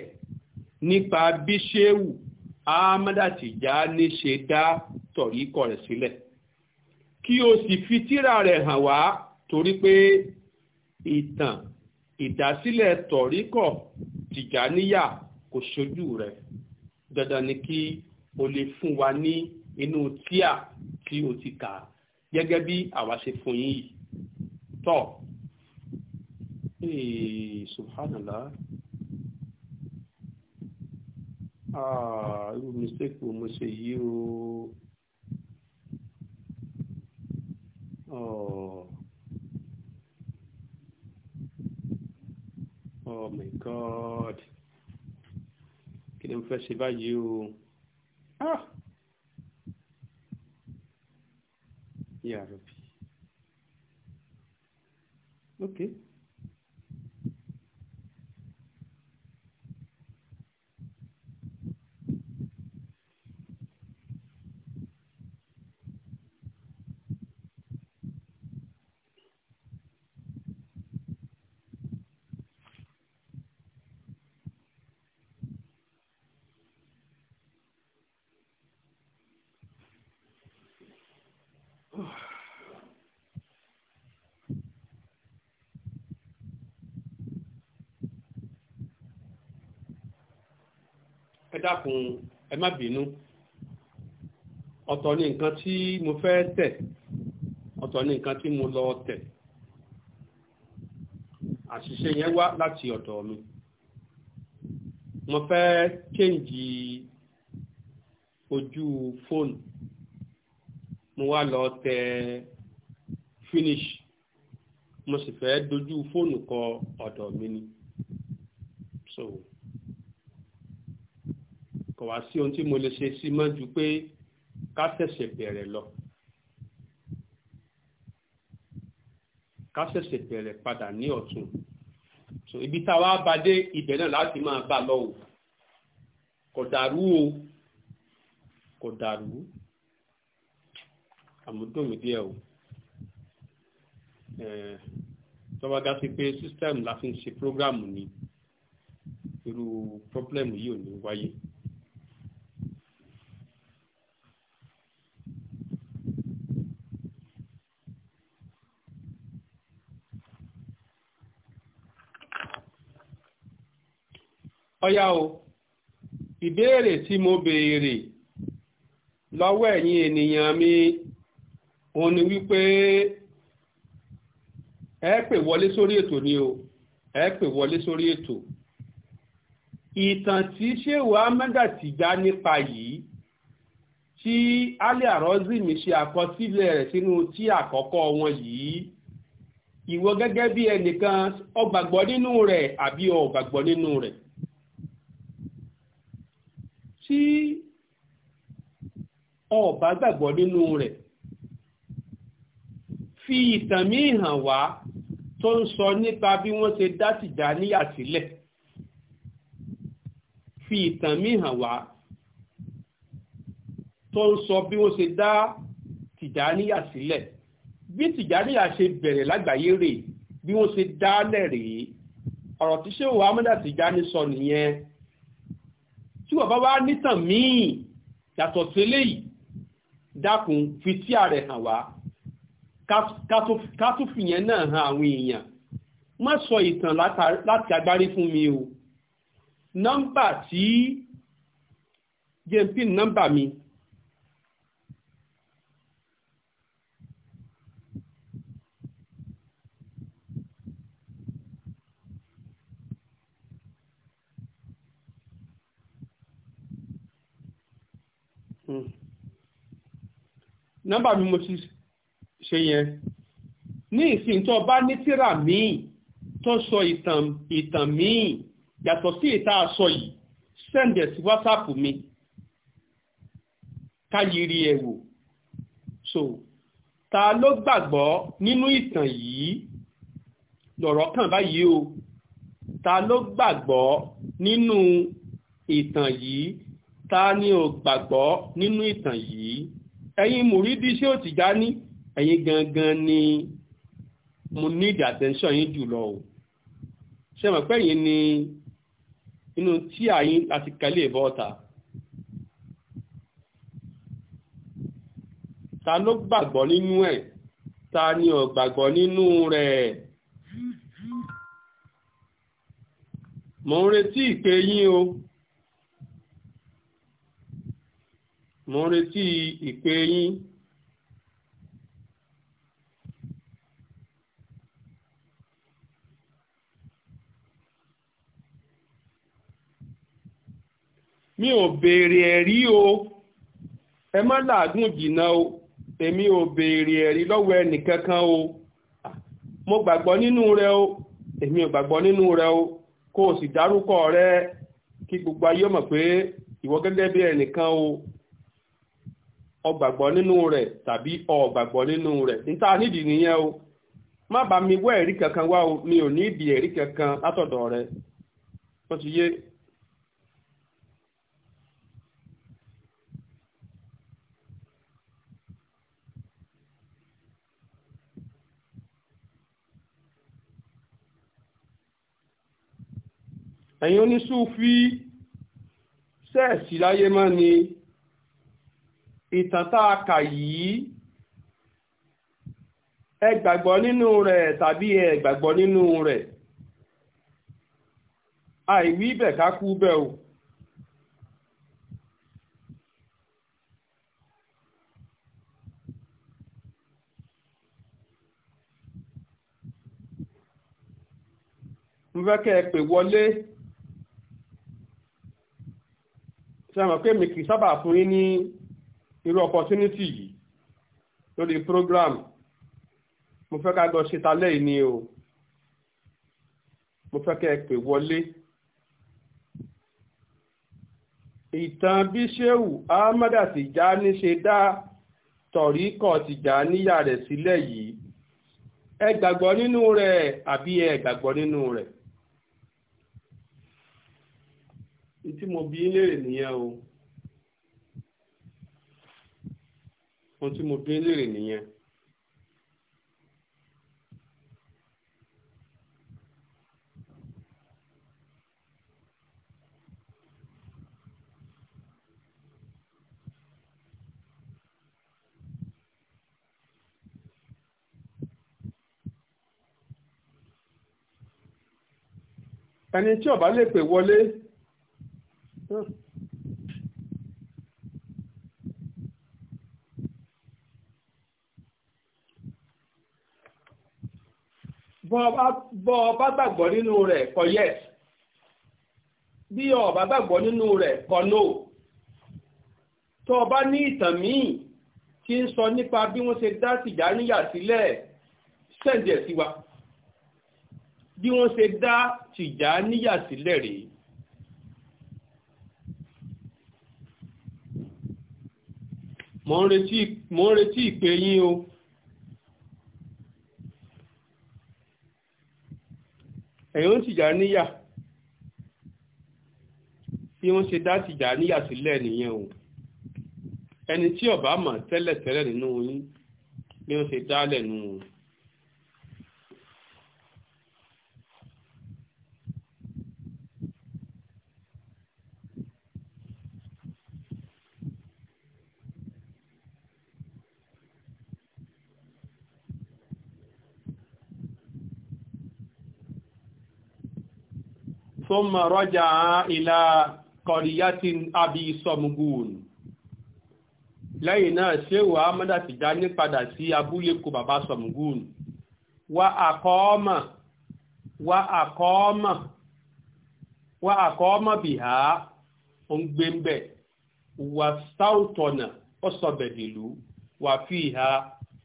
nípa bí Ṣéwù Ahmada Tijani ṣe dá tọ̀ríkọ̀ rẹ̀ sílẹ̀. Si kí o sì fi tírà rẹ̀ hàn wá torí pé ìtàn ìdásílẹ̀ tọ̀ríkọ̀ tìjàníyà kò ṣojú rẹ̀ dandan ni kí o lè fún wa ní inú tíà tí o ti kà gẹ́gẹ́ bí àwa ṣe fún yín yìí tọ́ ee eh, subhanallah ah irú mistake wo mo ṣe yìí o. Oh. Oh my God. Kí ni mo fẹ́ ṣe báyìí o? Ah! Yàrá bí. Okay. dákun ẹ má bínú ọ̀tọ̀ ni nǹkan tí mo fẹ́ tẹ̀ ọ̀tọ̀ ni nǹkan tí mo lọ tẹ̀ àṣìṣe yẹn wá láti ọ̀dọ̀ mi mo fẹ́ kéǹjì ojú fóònù mo wá lọ tẹ finish mo sì fẹ́ dojú fóònù kọ ọ̀dọ̀ mi ni. kò wá sí ohun tí mo lè ṣe sí mọ́ ju pé ká ṣẹ̀ṣẹ̀ bẹ̀rẹ̀ lọ ká ṣẹ̀ṣẹ̀ bẹ̀rẹ̀ padà ní ọ̀tún so ibi táwa bá dé ibẹ̀ náà láti máa bá lọ o kò dàrú o kò dàrú àmúdùnmí díẹ̀ o tọ́wọ́ ga sí pé system la fi ń ṣe program ni irú problem yìí ò ní wáyé. ọ̀yá o ìbéèrè tí mo béèrè lọ́wọ́ ẹ̀yin ènìyàn mi òun ni wípé ẹ pè wọlé sórí ètò ni o ẹ pè wọlé sórí ètò ìtàn tí ṣéwò amẹ́dà ti gbá nípa yìí tí Ali Arozim ṣe àkọsílẹ̀ rẹ̀ sínú tí àkọ́kọ́ wọn yìí ìwọ gẹ́gẹ́ bí ẹnìkan o nínú rẹ̀ àbí o nínú rẹ̀ tí o bá gbàgbọ́ nínú rẹ̀ fi ìtàn míì hàn wá tó ń sọ nípa bí wọ́n ṣe dá Tìjàníyà sílẹ̀ fi ìtàn míì hàn wá tó ń sọ bí wọ́n ṣe dá Tìjàníyà sílẹ̀ bí Tìjàníyà ṣe bẹ̀rẹ̀ lágbàáyé rèé bí wọ́n ṣe dálẹ̀ rèé ọ̀rọ̀ tí ṣé òwò amúdàtìjà ní sọ nìyẹn tí bàbá wa nítàn míì yàtọ̀ sí eléyìí dákun fi tí ààrẹ hàn wá ká tún fìyẹn náà hàn àwọn èèyàn má sọ ìtàn láti agbárí fún mi o nọ́mbà tí jẹ́ pin nọ́mbà mi 0244 nọ́mbà mi mo ti ṣe yẹn ní ìsìn tó bá ní tírà míì tó sọ ìtàn ìtàn míì yàtọ̀ sí ìta àsọ yìí sẹ́ndẹ̀ sí whatsapp mi káyìírí ẹ̀ wò so ta ló gbàgbọ́ nínú ìtàn yìí lọ̀rọ̀ kàn báyìí o ta ló gbàgbọ́ nínú ìtàn yìí ta ni ò gbàgbọ́ nínú ìtàn yìí ẹ̀yin mùrídì ṣé ò Tìjání ẹ̀yin gangan ni mo need attention yín jùlọ o ṣe mọ̀ pé ẹ̀yin ni inú tí àyín láti kẹ́lé ìbọn ọ̀tà ta ló gbàgbọ́ nínú ẹ̀ ta ni ò gbàgbọ́ nínú rẹ̀ mo ń retí ìpè yín o. mo ń retí ìpè yín. mi ò béèrè ẹ̀rí o ẹ má làágùn jìnnà o èmi ò béèrè ẹ̀rí lọ́wọ́ ẹnìkankan o mo gbàgbọ́ nínú rẹ o èmi ò gbàgbọ́ nínú rẹ o kó o sì dárúkọ rẹ kí gbogbo ayé mọ̀ pé ìwọ́ gẹ́gẹ́ bí ẹnìkan o ọgbàgbọ́ nínú rẹ̀ tàbí ọgbàgbọ́ nínú rẹ̀ níta nídìí nìyẹn o má bá mi wá ẹ̀rí kankan wá o mi ò ní ìdí ẹ̀rí kankan látọ̀dọ̀ rẹ̀ ó ti yé. ẹ̀yin oníṣúfí ṣẹ́ẹ̀sì láyé mọ́ ni. ìtàn tá kà yìí ẹ gbàgbọ́ nínú rẹ̀ tàbí ẹ gbàgbọ́ nínú rẹ̀ àìwí bẹ̀ ká kú bẹ́ o. mo fẹ́ kẹ́ ẹ pè wọlé ṣe mọ̀ pé mi kì í sábà fún yín ní. irú opportunity yìí lórí program mo fẹ́ ká lọ ṣètà lẹ́yìn ni o mo fẹ́ kẹ́ ẹ pè wọlé. ìtàn bí Ṣéhù Ahmada Tìjání ṣe dá tọ̀ríkọ̀ Tìjáníyà rẹ̀ sílẹ̀ yìí ẹ gbàgbọ́ nínú rẹ̀ àbí ẹ gbàgbọ́ nínú rẹ̀. tí mo bi í léèrè nìyẹn o. ohun tí mo bí léèrè nìyẹn. ẹni tí ó bá lè pè wọlé bọ́ ọba gbàgbọ́ nínú rẹ̀ kọ yes bí ọba gbàgbọ́ nínú rẹ̀ kọ no tó ọba ní ìtàn míì tí ń sọ nípa bí wọ́n ṣe dá tìjáníyà sílẹ̀ sẹ́ǹdẹ̀ sí wa bí wọ́n ṣe dá tìjáníyà sílẹ̀ rèé mo ń retí ìpè yín o. ẹ̀yọ́ Tìjàníyà bí wọ́n ṣe dá Tìjàníyà sílẹ̀ nìyẹn o ẹni tí ọ̀bá mọ̀ tẹ́lẹ̀tẹ́lẹ̀ nínú yín bí wọ́n ṣe dálẹ̀ nínú yín. ثم رجع إلى قرية أبي صمغون lẹ́yìn náà ṣéwò amada Tijani padà sí abúlé kó bàbá Sọ̀mùgùn wa àkọ́ọ́mà wa àkọ́ọ́mà wa àkọ́ọ́mà bìhá ń gbé ń bẹ̀ wà sáùtọ̀nà ọ̀sọ̀bẹ̀dìlú wà fi ìhà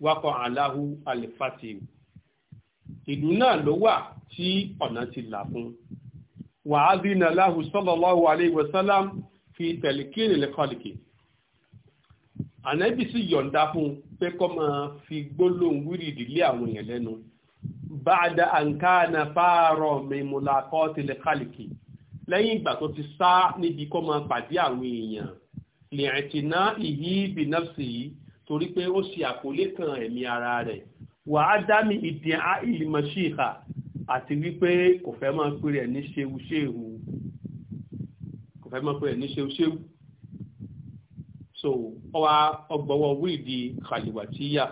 wakọ̀ aláhu alifati ìlú náà ti là fún وعذن له صلى الله عليه وسلم في تلقين الخلق ànábì sì yọ̀ǹda fún pé kó máa fi gbólóhùn wíìrìdì lé àwọn èèyàn lẹ́nu báadá àǹkáàna fáàrọ̀ mẹ́mọ́lákọ́ tilẹ̀ kálíkì lẹ́yìn ìgbà tó ti sá níbi kó máa pàdé àwọn èèyàn lẹ́ẹ̀tìná ìyí bìnafsì yìí torí pé ó ṣe àkólé kan ẹ̀mí ara rẹ̀ wàá dá mi ìdí ìlìmọ̀ṣíhà àti wípé kò fẹ́ máa pè rẹ̀ ní ṣewu ṣewu kò fẹ́ máa pè rẹ̀ ní ṣewu ṣewu so ọwa ọgbọwọ wíìdì kàlìwàtíyà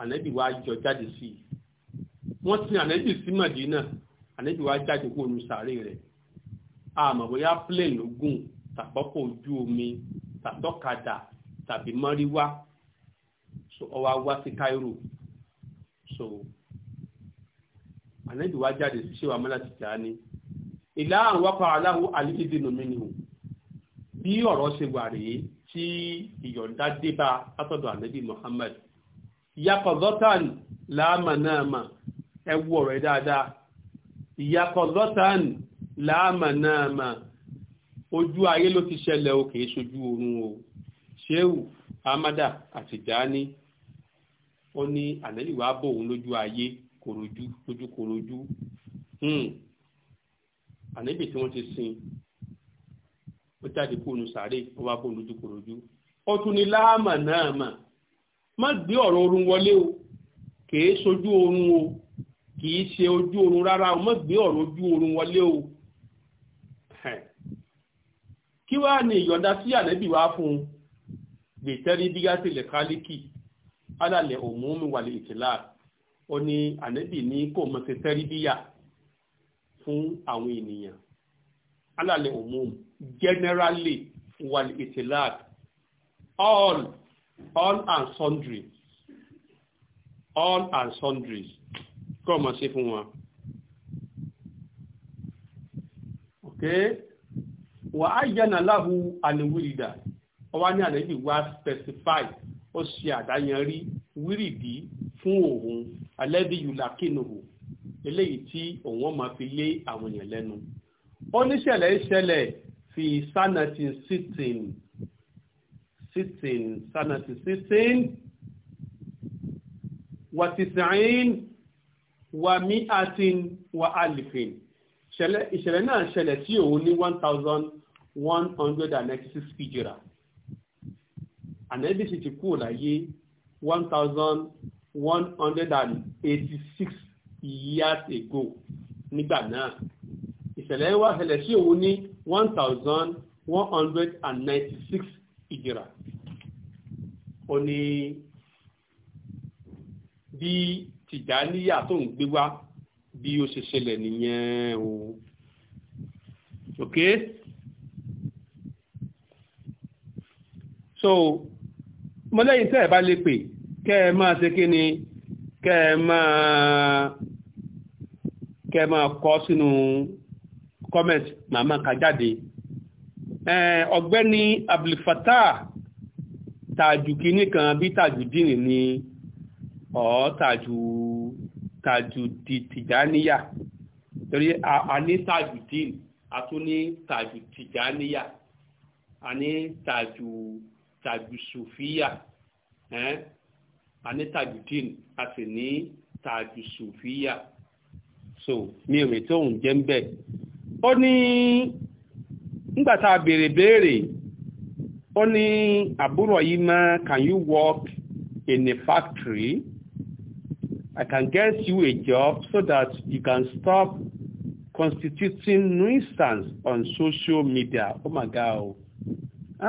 ànẹ́bì wa jọ jáde sí i wọ́n sin ànẹ́bì sí Màdínà ànẹ́bì wa jáde kó nu sàárè rẹ̀ àmọ́ bóyá plane ló gùn tàbọ́kọ̀ ojú omi tàtọ́kadà tàbí mọ́ríwá so ọwa wá sí Cairo so ànábì wá jáde sí ṣéwà mọ́lá Tìjàní ìlà àwọn wákọ̀ aláwọ̀ àlíkédè nòmínú bí ọ̀rọ̀ ṣe wà rèé tí ìyọ̀ǹda dé bá látọ̀dọ̀ ànábì Muhammad ìyàkọ̀dọ́tàn láàmànáàmà ẹ wú ọ̀rọ̀ ẹ dáadáa ìyàkọ̀dọ́tàn láàmànáàmà ojú ayé ló ti ṣẹlẹ̀ o kìí ṣojú oorun o ṣéwù amada àti dání ó ní ànábì wá bò òun lójú ayé korojú lójú korojú hmm. ànábì tí wọ́n ti sin ó jáde kóònù sàárè ó wá kóònù lójú korojú ó tún ní láàmà náà mà má gbé ọ̀rọ̀ oorun wọlé o kìí sojú oorun o kìí ṣe ojú oorun rárá o má gbé ọ̀rọ̀ ojú oorun wọlé o kí wá ní ìyọ̀ǹda sí ànábì wá fún un gbètẹ́rí bígásílẹ̀ kálíkì alálẹ̀ òmùmí ìtìláà ó ní ànábì ní kò mọ̀ ṣe tẹ́ríbíyà fún àwọn ènìyàn alálẹ̀ òmùm generally wal itilad all all and sundry all and sundry kò mọ̀ ṣe fún wọn. okay wà á yànnà láhu àníwìrìdà ọwá ní ànábì wá specify ó ṣe àdáyanrí wírìdì fún òun alẹ́bí yulakinuhu eléyìí tí òun ọmọ fi lé àwọn èèyàn lẹ́nu ó níṣẹ̀lẹ̀ ìṣẹ̀lẹ̀ fi sanati sitin sitin sanati sitin wàtìsàn wàmí àtin wà alifin ìṣẹ̀lẹ̀ náà ṣẹlẹ̀ sí òun ní one thousand one hundred and ninety six hijira ànẹ́bí sì ti kúrò láyé one thousand one hundred and eighty-six years ago nígbà náà ìṣẹ̀lẹ̀ wa ṣẹlẹ̀ sí òun ní one thousand one hundred and ninety-six ìjìrà ó ní bí tìjàníyà tó ń gbé wá bí ó ṣe ṣẹlẹ̀ nìyẹn o ok so mọ́lẹ́yìn tẹ́ ẹ̀ bá lè pè kẹ́ ẹ máa ṣe kí ni kẹ́ ẹ máa kẹ́ ẹ máa kọ sínú comment màmá kà jáde ọ̀gbẹ́ni abdulfatah tàjùkì nìkan bí tàjùdínì ni ọ̀ tàjù tàjù tìjáníyà torí a ní tàjùdínì a tún ní tàjù tìjáníyà a ní tàjù tàjù sùfíyà a ní tajudeen a sì ní tajusufiya so mi ò retí òun jẹ́ ń bẹ̀. ó ní nígbà tá a béèrè béèrè ó ní àbúrò yìí mọ́ can you work in a factory I can get you a job so that you can stop constituting nuisance on social media oh my God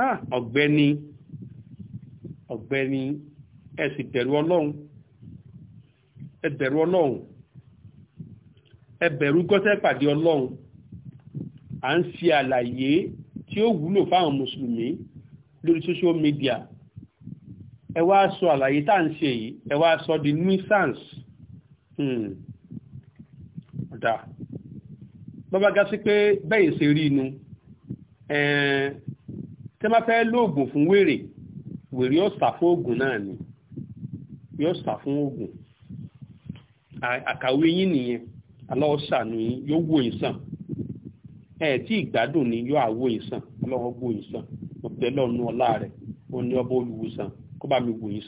ah ọ̀gbẹ́ni ọ̀gbẹ́ni ẹ sì bẹ̀rù ọlọ́run ẹ bẹ̀rù ọlọ́run ẹ bẹ̀rù gọ́tẹ́ pàdé ọlọ́run à ń ṣe àlàyé tí ó wúlò fáwọn mùsùlùmí lórí social media ẹ wá sọ àlàyé tá à ń ṣe yìí ẹ wá sọ di nuisance hmm. ọ̀dà bàbá ga sí pé bẹ́ẹ̀ ṣe rí inú tẹ́ máa fẹ́ lóògùn fún wèrè wèrè ọ̀sà fún oògùn náà ni. Hmm yóò sà fún oògùn àkàwé yín nìyẹn aláwọ̀ sànù yín yóò wò yín sàn tí ìgbádùn ni yóò àwò yín sàn aláwọ̀ wò yín lọ́nu ọlá rẹ̀ ó ní ọba olùwòsàn kó bá mi wò yín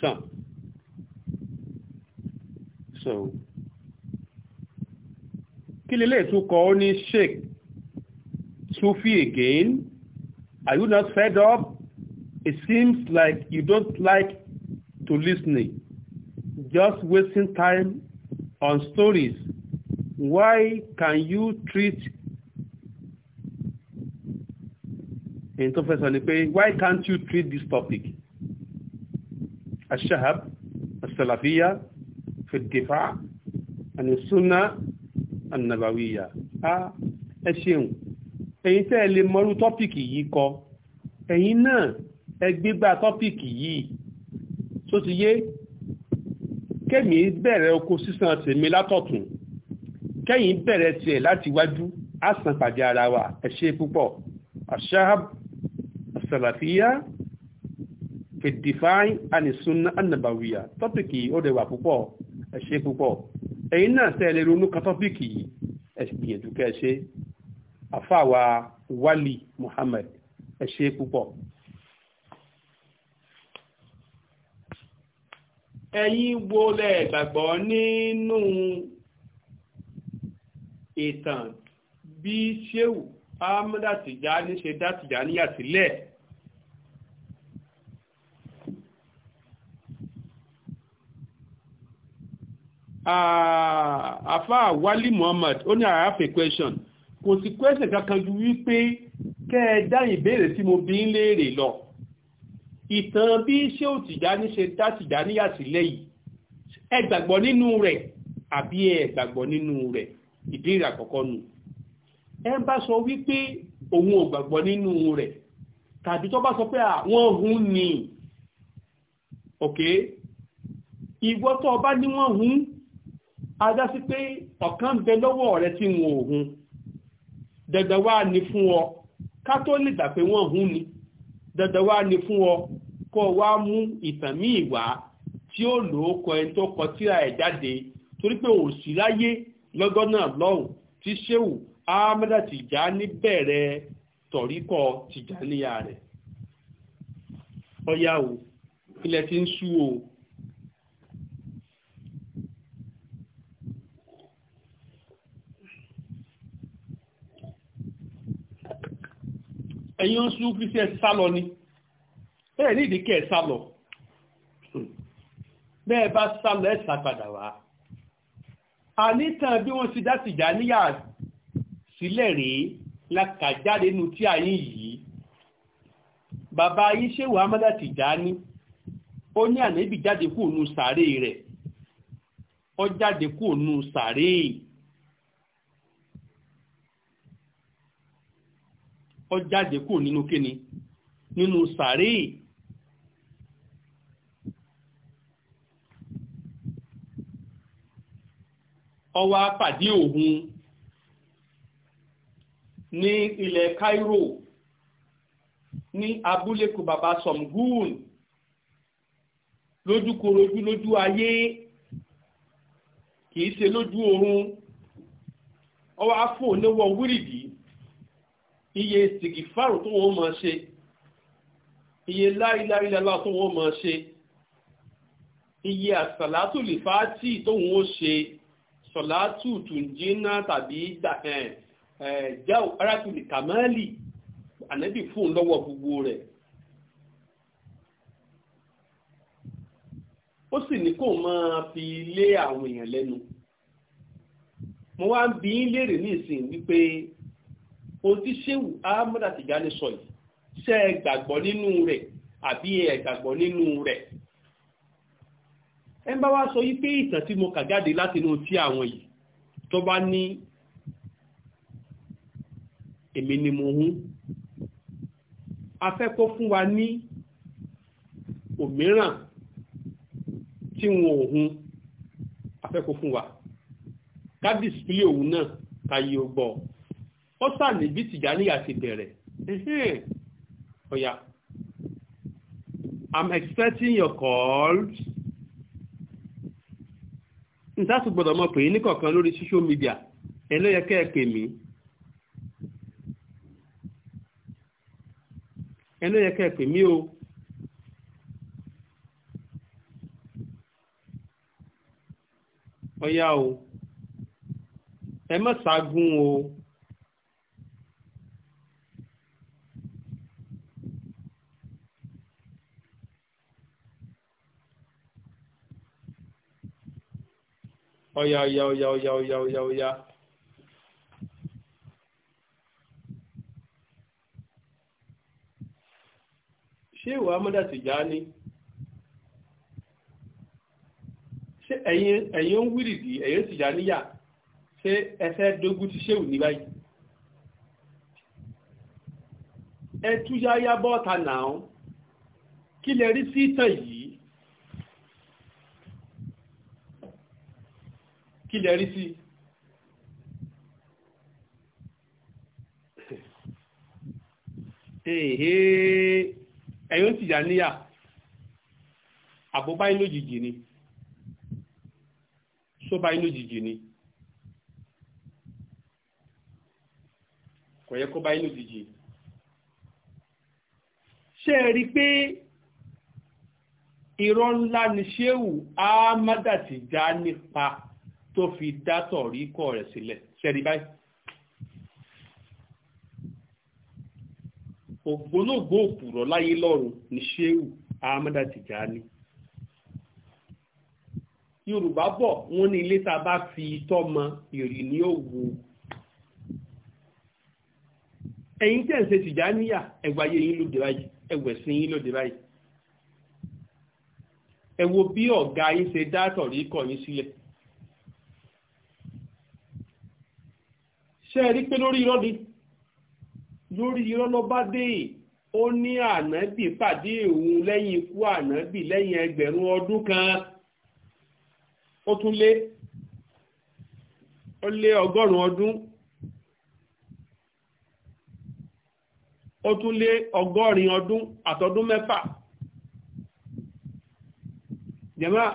kí lè lè tún kọ ó ní sheikh Sufi again are you not fed up it seems like you don't like to listening just wasting time on stories why can you treat in tó fẹ́ ni pé why can't you treat this topic الشهب السلفية في الدفاع عن السنة النبوية a ẹ ṣeun ẹ̀yin tẹ́ ẹ lè mọrú tọ́pìkì yìí kọ ẹ̀yin náà ẹ gbégbá tọ́pìkì yìí tó ti yé kémi bẹ̀rẹ̀ oko sísan tèmi látọ̀tún kẹ́yìn bẹ̀rẹ̀ tiẹ̀ láti wájú á san pàdé ara wa ẹ ṣé púpọ̀ àṣà àṣàlàfíà fìdífáì ànìsúnà ànàbàwìyà tọ́pìkì ó rẹwà púpọ̀ ẹ ṣé púpọ̀ ẹ̀yin náà tẹ́lẹ̀ ronú kan tọ́pìkì yìí Muhammad ẹ ṣé púpọ̀. ẹ̀yin wo lẹ gbàgbọ́ nínú ìtàn bí Ṣéhù Ahmad Tijani ṣe dá Tìjàníyà sílẹ̀ ah, àfà Wálí Muhammad ó ní I have question kò sí question kankan ju wípé kẹ́ ẹ dá ìbéèrè tí mo bi ń léèrè lọ ìtàn bí ṣé ò Tìjání ṣe dá Tìjàníyà sílẹ̀ yìí ẹ gbàgbọ́ nínú rẹ̀ àbí ẹ gbàgbọ́ nínú rẹ̀ ìbéèrè àkọ́kọ́ nù ẹ bá sọ wípé òun ò gbàgbọ́ nínú rẹ̀ tàbí tó bá sọ pé àwọn hun ni òkè ìwọ tó o ní wọ́n hun a pé ọ̀kan bẹ lọ́wọ́ rẹ tí wọn ò hun wá ní fún ọ ká tó lè gbà pé wọ́n hun ni dandan wá ní fún ọ kó o wá mú ìtàn míì wá tí ó lò ó kọ ẹni tó kọ tíra ẹ̀ jáde torí pé ò sí láyé lọ́gọ́ náà lọ́hùn tí Ṣéhù Ahmada Tìjání bẹ̀rẹ̀ tọ̀ríkọ Tìjáníyà rẹ̀ ọ̀yá o ilẹ̀ ti ń o. ẹ̀yin ń sún kristi ẹ̀ sálọ ni bẹ́ẹ̀ ní ìdíkẹ́ ẹ̀ sálọ bẹ́ẹ̀ bá sálọ ẹ̀ sàpadà wá ànítàn bí wọ́n ti dá Tìjàníyà sílẹ̀ rèé la kà jáde nu tí a yín yìí bàbá yín ṣéwà amádà Tìjàní ó ní ànábì jáde kúrò nù sàárè rẹ̀ ó jáde kúrò nù sàárè rẹ̀ ó jáde kúrò nínú kíni nínú sàréè ó wá pàdé òun ní ilẹ̀ Cairo ní abúlékù bàbá Somgun lójúkorojú lójú ayé kìí ṣe lójú oorun ó wá fò níwọ̀ iye sìgìfàrù tó wọ́n máa ṣe iye láìláìlá tó wọ́n máa ṣe iye àsàlátù lìfàátì tó wọ́n ṣe sọ̀látù tùǹjínà tàbí jáù arákùnrin kàmáàlì ànábì fún lọ́wọ́ gbogbo rẹ̀ ó sì ní kó máa fi lé àwọn èèyàn lẹ́nu mo wá ń bi í léèrè ní ìsìn wípé ohun tí ṣéwù ahmed àtìgáni sọ yìí ṣé ẹ gbàgbọ́ nínú rẹ̀ àbí ẹ gbàgbọ́ nínú rẹ̀ ẹ bá wá sọ yìí pé ìtàn tí mo kà jáde láti inú tí àwọn yìí tó bá ní èmi ni mo hún afẹ́kọ́ fún wa ní òmíràn tí wọn ò hun afẹ́kọ́ fún wa ká dìsílẹ̀ òun náà ká yí ó ó sàmì bí tìjàníyà ti bẹ̀rẹ̀ ọ̀yà i'm expecting your call ntàtù gbọ́dọ̀ mọ̀ pé ní kọ̀ọ̀kan lórí social media ẹ ló yẹ kẹ́ ẹ pè mí ẹ ló yẹ kẹ́ ẹ pè mí o. ọ̀yà o ẹ má o. ọ̀yà ọ̀yà ọ̀yà ọ̀yà ọ̀yà ọ̀yà ọ̀yà. ṣé ìwà amúdà Tìjání ṣé ẹ̀yin ń wírìdì ẹ̀yin Tìjáníyà ṣé ẹfẹ́ dógún ti ṣéwù ní báyìí ẹ túyáyá bọ́ọ̀ta náà kí lẹ rí sí ìtàn yìí kí lẹ rí sí ẹ̀yọ́ ti yà níyà àbúbá inú jìjì ni sóbá inú jìjì ni kò yẹ kó bá inú jìjì ṣe rí pé irọ́ ńlá ni ṣéwù ámádà já nípa tó fi dátọ̀ rí kọ́ rẹ̀ sílẹ̀ ṣẹ́ni báyìí. ògbólógbò òpùrọ̀ láyé lọ́rùn ní Ṣéhù Ahmada Tijani Yorùbá bọ̀ wọ́n ní ilé tá bá fi itọ́ mọ ìrì ní òwò ẹ̀yin tẹ̀ ń ṣe Tìjàníyà ẹgbàáyé yín lóde báyìí ẹwẹ̀sìn yín lóde báyìí ẹ wo bí ọ̀gá yín ṣe dátọ̀ rí kọ̀ yín sílẹ̀. Si ṣe rí pé lórí irọ́ ni lórí irọ́ lọ bá dé ó ní ànábì pàdé òun lẹ́yìn ikú ànábì lẹ́yìn ẹgbẹ̀rún ọdún kan ó tún lé ó lé ọgọ́rùn-ún ọdún ó tún lé ọgọ́rin ọdún àtọdún mẹ́fà jẹ́mọ́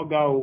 ọ̀gá o.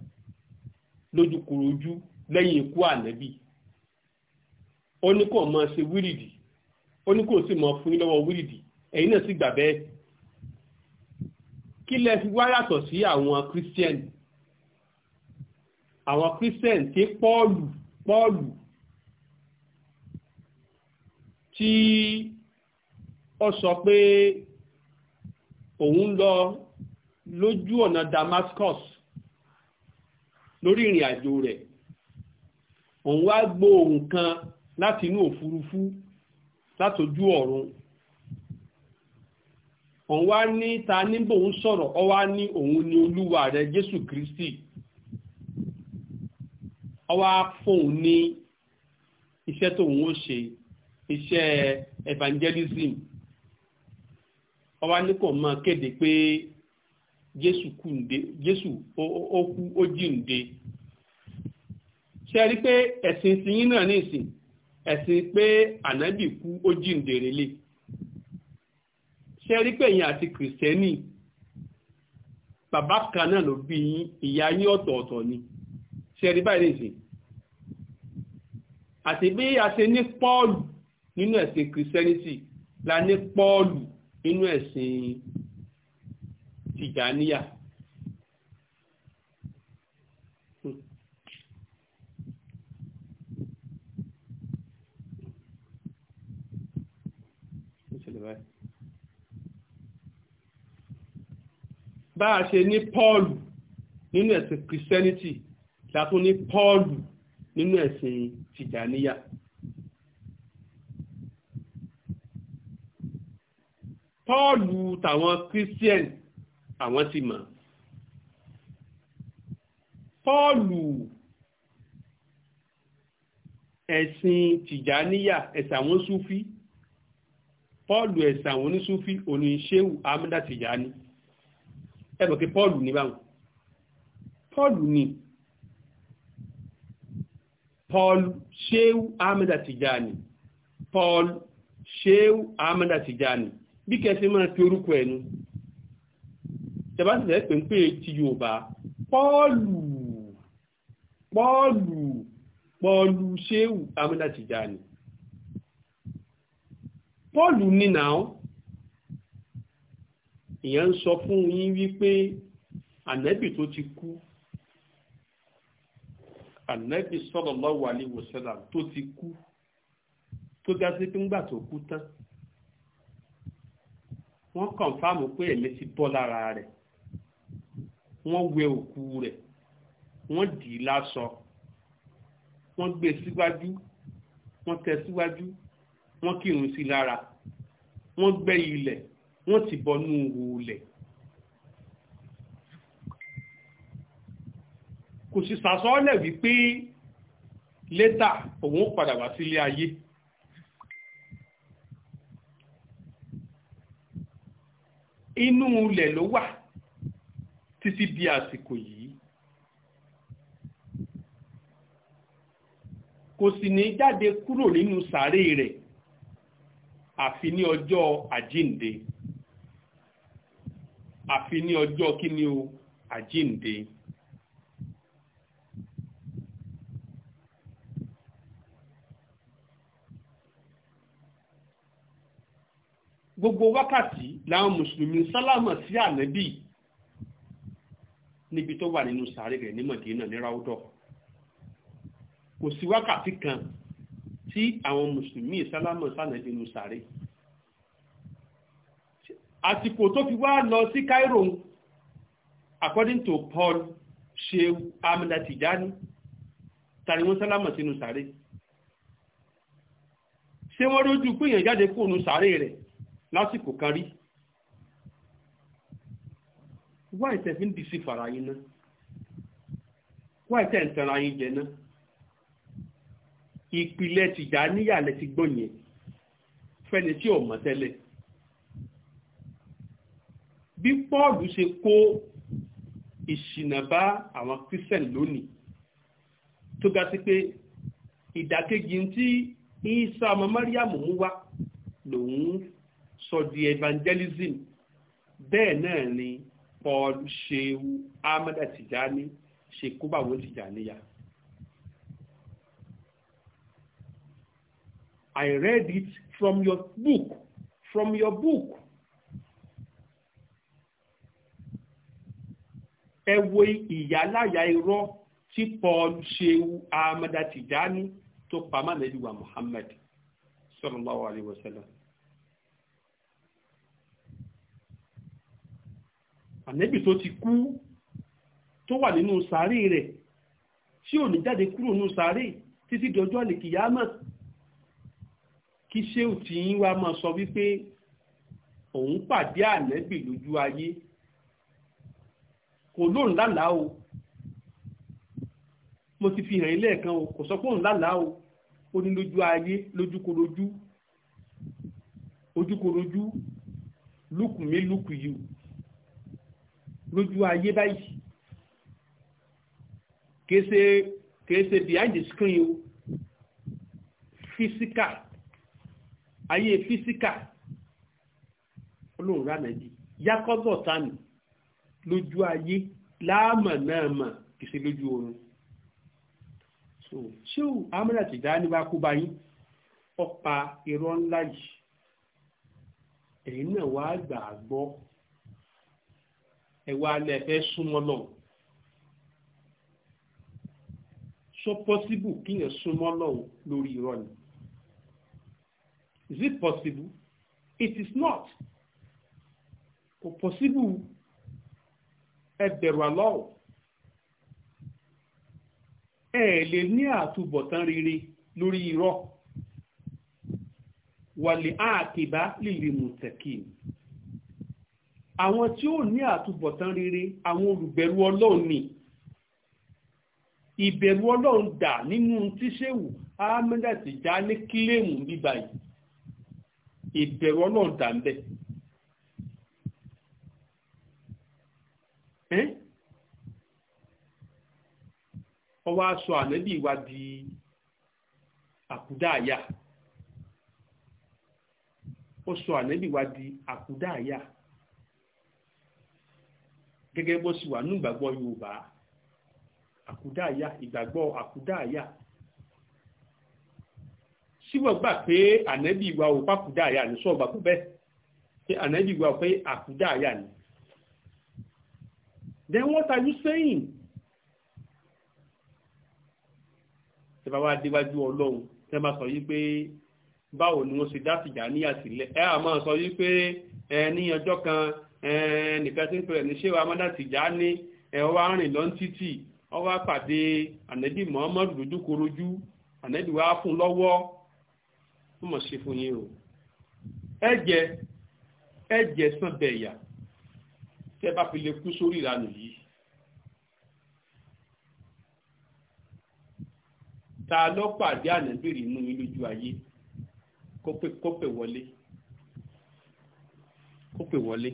lójúkorojú lẹ́yìn ikú ànẹ́bì ó ní kò mọ ṣe wírìdì ó ní kò sì mọ fún yín lọ́wọ́ wírìdì ẹ̀yin náà sì gbà bẹ́ẹ̀ kí lẹ fi wá yàtọ̀ sí àwọn christian àwọn christian tí pọ́ọ̀lù pọ́ọ̀lù tí ó sọ pé òun lọ lójú ọ̀nà Damascus lórí ìrìn àjò rẹ̀ òun wá gbóòhùn kan láti inú òfurufú látojú ọ̀run òun wá ní ta ní bòun sọ̀rọ̀ ọ wá ní òun ni olúwa rẹ̀ Jésù Kristi ọ wá fóun ní iṣẹ́ tóun ó ṣe iṣẹ́ evangelism ọ wá ní kò máa kéde pé. jésù kú ǹde jésù ó kú ó jí ǹde ṣe rí pé ẹ̀sìn tiyín náà ní ìsìn ẹ̀sìn pé ànábì kú ó jí ǹde relé ṣe rí pé ẹ̀yin àti kìrìsìtẹ́nì bàbá kan náà ló bí yín ìyá yín ọ̀tọ̀ọ̀tọ̀ ni ṣe rí báyìí ní ìsìn àti bí a ṣe ní pọ́ọ̀lù nínú ẹ̀sìn kìrìsìtẹ́nìtì la ní pọ́ọ̀lù nínú ẹ̀sìn tìjàníyà bá a ṣe ní pọ́ọ̀lù nínú ẹ̀sìn christianity látún ní pọ́ọ̀lù nínú ẹ̀sìn tìjàníyà pọ́ọ̀lù tàwọn christian àwọn sì mọ̀ pọ́ọ̀lù ẹ̀sìn tìjàníyà ẹ̀sìn àwọn súfí pọ́ọ̀lù ẹ̀sìn àwọn onísúfí òní ṣéwù amúdá tìjàní ẹ̀bọ̀ kí pọ́ọ̀lù ní báwọn pọ́ọ̀lù ni paul ṣéwù amúdá tìjàní paul ṣéwù amúdá tìjàní bí kẹsì máa fi orúkọ ẹnu tẹ̀bátì lẹ́ pè ń pè ti Yorùbá pọ́ọ̀lù pọ́ọ̀lù pọ́ọ̀lù ṣéwù amúdá Tìjàní pọ́ọ̀lù ní náà ìyẹn ń sọ fún yín wípé ànẹ́bì tó ti kú ànẹ́bì sallallahu alaihi wasallam tó ti kú tó ga sí pé ńgbà tó kú tán wọ́n kọ̀ǹfàmù pé ẹ̀mí ti bọ́ lára rẹ̀ wọ́n wẹ òkú rẹ̀ wọ́n dì í láṣọ wọ́n gbé e síwájú wọ́n tẹ síwájú wọ́n kírun sí lára wọ́n gbẹ́ ilẹ̀ wọ́n ti bọnú òòlẹ̀ kò sì sàsọ́ọ́lẹ̀ wípé létà òun padà wá sílé ayé. inú ilẹ̀ ló wà títí di àsìkò yìí kò sì ní jáde kúrò nínú sàárè rẹ̀ àfi ní ọjọ́ àjínde àfi ní ọjọ́ kíni o àjínde. gbogbo wákàtí làwọn mùsùlùmí sálámà sí ànábì níbi tó wà nínú sàárè rẹ̀ ní mọ̀dínà ní ráúdọ̀ kò sí wákàtí kan tí àwọn mùsùlùmí sálámọ̀ sànàdì nínú sàárè àsìkò tó fi wá lọ sí Cairo according to Paul Shehu Amina Tijani tani wọn sálámọ̀ sínú sàárè ṣé wọ́n rójú pé èèyàn jáde kúrò nínú sàárè rẹ̀ lásìkò kan rí wáyé tẹ̀ fi ń dì sí fara yín ná wáyé tẹ̀ ń tanra yín jẹ ná ìpìlẹ̀ tìjà níyàlẹ̀ ti gbọ́ yẹn fẹ́ni tí ò mọ̀ tẹ́lẹ̀ bí Pọ́ọ̀lù ṣe kó ìṣìnà bá àwọn Christian lónìí tó ga sí pé ìdàkejì tí Ìsá ọmọ Mariam mú wá lòun sọ di evangelism bẹ́ẹ̀ náà ni paul sheu ahmed tijani Tijani ya. i read it from your book from your book ẹ wo ìyáláyà irọ́ tí paul sheu ahmed tijani tó pamọ́ lẹ́yìn wa muhammad sallallahu alayhi wa sallam. ànẹ́bì tó ti kú tó wà nínú sàárè rẹ̀ tí ò ní jáde kúrò nínú sàárè títí dọjọ́ àlèkìyámà kí ṣéù tí yín wá máa sọ wípé òun pàdé ànẹ́bì lójú ayé kò lóun lálàá o mo ti fi hàn ilé ẹ̀kan o kò sọ pé òun lálàá o ó ní lójú ayé lójúkorojú ojúkorojú lùkùmí lùkù yìí lójú ayé báyìí kése kése behind the screen o físíkà ayé físíkà olóòrùn ránàjì yakọ́bọ̀ tánì lójú ayé láàmà náà mà kìí lójú oorun so ṣé o amúnà tìjà ní wàá kú báyìí ọ̀pá irọ́ ńlá yìí ẹ̀yin náà wàá gbà á gbọ́ ẹ̀wà alẹ́ fẹ́ súnmọ́ lọ. so possible kí yẹn súnmọ́ lọ lórí irọ́ ni is it possible it is not kò possible ẹ bẹ̀rù àlọ́ọ̀ ẹ lè ní àtúbọ̀tán rere lórí irọ́ wàlẹ̀ àkìbá lè lè mú tẹ̀kì àwọn tí ó ní àtúbọ̀tán rere àwọn olùbẹ̀rù ọlọ́run ni ìbẹ̀rù ọlọ́run dà nínú tíṣẹ́wù ahmeda ti já ní kílèmù bíbá yìí ìbẹ̀rù ọlọ́run dà ń bẹ̀. ọwọ́ aṣọ ànábì wa di àkúdàáyà ó sọ ànábì wa di àkúdàáyà gẹ́gẹ́ bó sì wà ní ìgbàgbọ́ Yorùbá àkúdáàyà ìgbàgbọ́ àkúdáàyà síwọ̀n gbà pé ànẹ́bí wa ò pàkúdáàyà ní sọ̀gbà tó bẹ́ẹ̀ pé ànẹ́bí wa pé àkúdáàyà ni. Then what are you saying? Ṣé bá wá déwájú Ọlọ́run tẹ́ máa sọ yìí pé báwo ni wọ́n ṣe dá Tìjàníyà sílẹ̀ ẹ á máa sọ yìí pé ẹ ní ọjọ́ kan nìkan tí ń pẹ̀lẹ̀ ní ṣéwà amọ́dá Tìjání ẹ̀họ́ wa rìn lọ títì wọ́n wá pàdé ànẹ́bí Muhammadu dojúkorojú ànẹ́bí wa fún lọ́wọ́ wọ́n mọ̀ ṣe fún yín o ẹ̀jẹ̀ ẹ̀jẹ̀ sàn bẹ̀yà tẹ́ bá fi lè kú sórí ìranù yìí ta ló pàdé ànẹ́bìrì inú yín lójú ayé kó pè wọlé kó wọlé.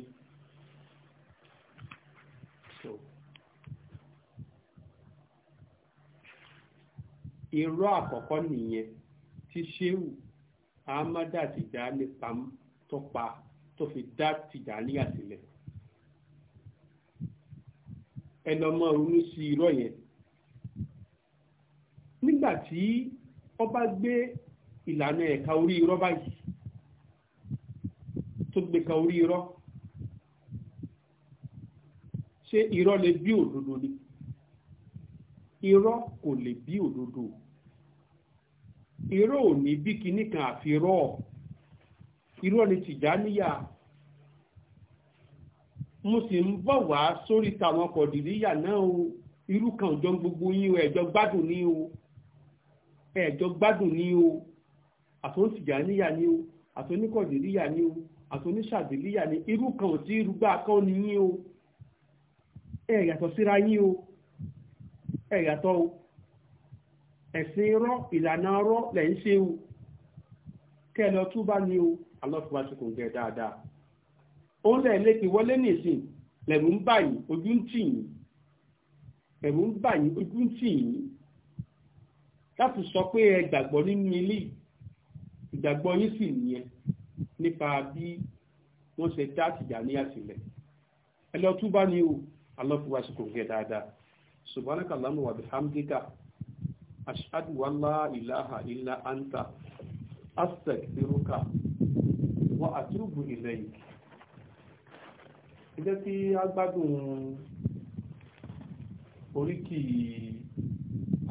irọ́ àkọ́kọ́ nìyẹn tí sheu ahmadu Tijani tó pa tó fi dá Tijani àtìlẹ̀ ẹlọmọ ronú sí irọ́ yẹn nígbà tí ọba gbé ìlànà ẹ̀ka orí irọ́ báyìí tó gbé ka orí irọ́ ṣé irọ́ lè bí òdodo ni. irọ́ kò lè bí òdodo irọ́ ò ní bí kíní kan àfi irọ́ irọ́ ni tìjáníyà mo sì ń bọ̀ wá sórí tàwọn kọ̀dìríyà náà o irú kan òjọ gbogbo yín o ẹ̀jọ́ gbádùn ní o ẹ̀jọ́ gbádùn ní o àtúntìjáníyà ní o àtúníkọ̀dìríyà ní o àtúníṣàdìríyà ní irú kan ò tí irúgbà kan ní yín o ẹ̀ yàtọ̀ síra yín o. ẹ yàtọ̀ o ẹ̀sìn irọ́ ìlànà irọ́ lẹ̀ ń ṣe o kẹ́ ẹ lọ túbá ni o alọ́fíwá ti kò ń gẹ dáadáa òun lẹ̀ lè pè wọlé nìsín lẹ̀rù ń bà yín ojú ń tì yín ẹ̀rù ń bà ojú ń tì yín láti sọ pé ẹ gbàgbọ́ nínú ilé ìgbàgbọ́ yín sì nìyẹn nípa bí wọ́n ṣe dá àtìjà ní àtìlẹ̀ ẹ lọ túbá ni o alọ́fíwá ti kò ń dáadáa subhanaka allahumma wa bihamdika ashhadu an la ilaha illa anta astaghfiruka wa atubu ilayk ẹ jẹ́ kí a gbádùn oríkì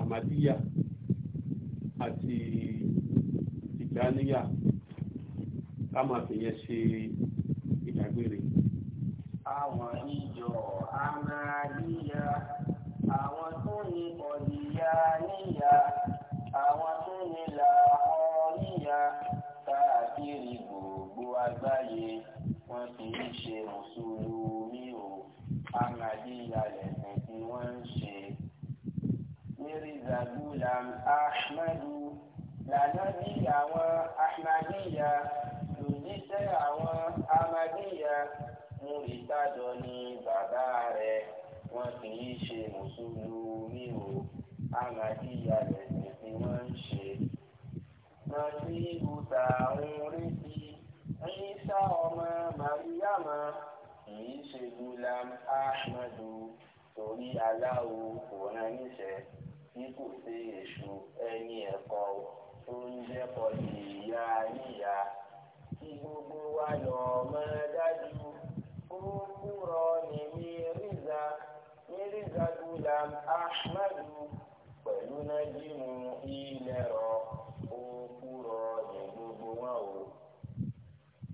àmàdíyà àti ìdáníyà ká máa ṣe ìdágbére. àwọn ìjọ àmàdíyà àwọn tó ní ọ̀dìyà níyà àwọn tó ní làhọ́ níyà káàkiri gbogbo àgbáyé wọn kì í ṣe mùsùlùmí o ahmadiyya lẹ̀sìn tí wọ́n ń ṣe. mirza gulam ahmadu lànàbí àwọn ahmadiyya lòdìṣẹ́ àwọn ahmadiyya múritádọ́ ní bàbá rẹ̀ wọn kì í ṣe mùsùlùmí o ahmadiyya lẹ̀sìn tí wọ́n ń ṣe. rántí bùtà ń retí ẹ̀yíṣà ọmọ màríyàmá kì í ṣe gulam ahmadu torí aláwo kò rán níṣẹ́ tí kò sí èṣù ẹni ẹ̀kọ́ tó ń jẹ́kọ̀ọ́ ìyá níyà kí gbogbo wa lọ́ọ́ máa dájú kúrúkúrọ́ ní mírízà mírízà gulam ahmadu pẹ̀lú nájímù ilẹ̀rọ òkúrọ̀ ní gbogbo wọn o.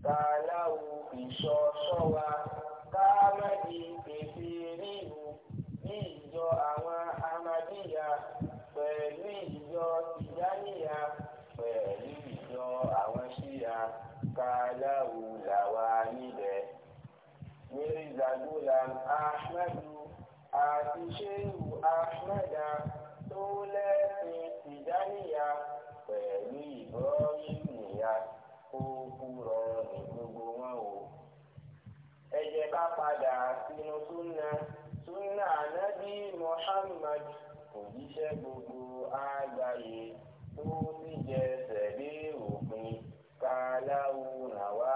kàláwù ìṣọ́ ṣọ́wa káàmẹ́dì pèsè ríru ní ìjọ àwọn amadíyà pẹ̀lú ìjọ tìjáníyà pẹ̀lú ìjọ àwọn ṣíyà kàláwù làwà níbẹ̀. mírízà gulam ahmadu. àti ṣéwù ahmeda tó lẹ́sìn tìjáníyà pẹ̀lú ìbọ́yìn nìyà kó kúrọ̀ ní gbogbo wọn o. ẹ jẹ́ ká padà sínú súnà súnà ànábì muhammad gbogbo àgbáyé tó ti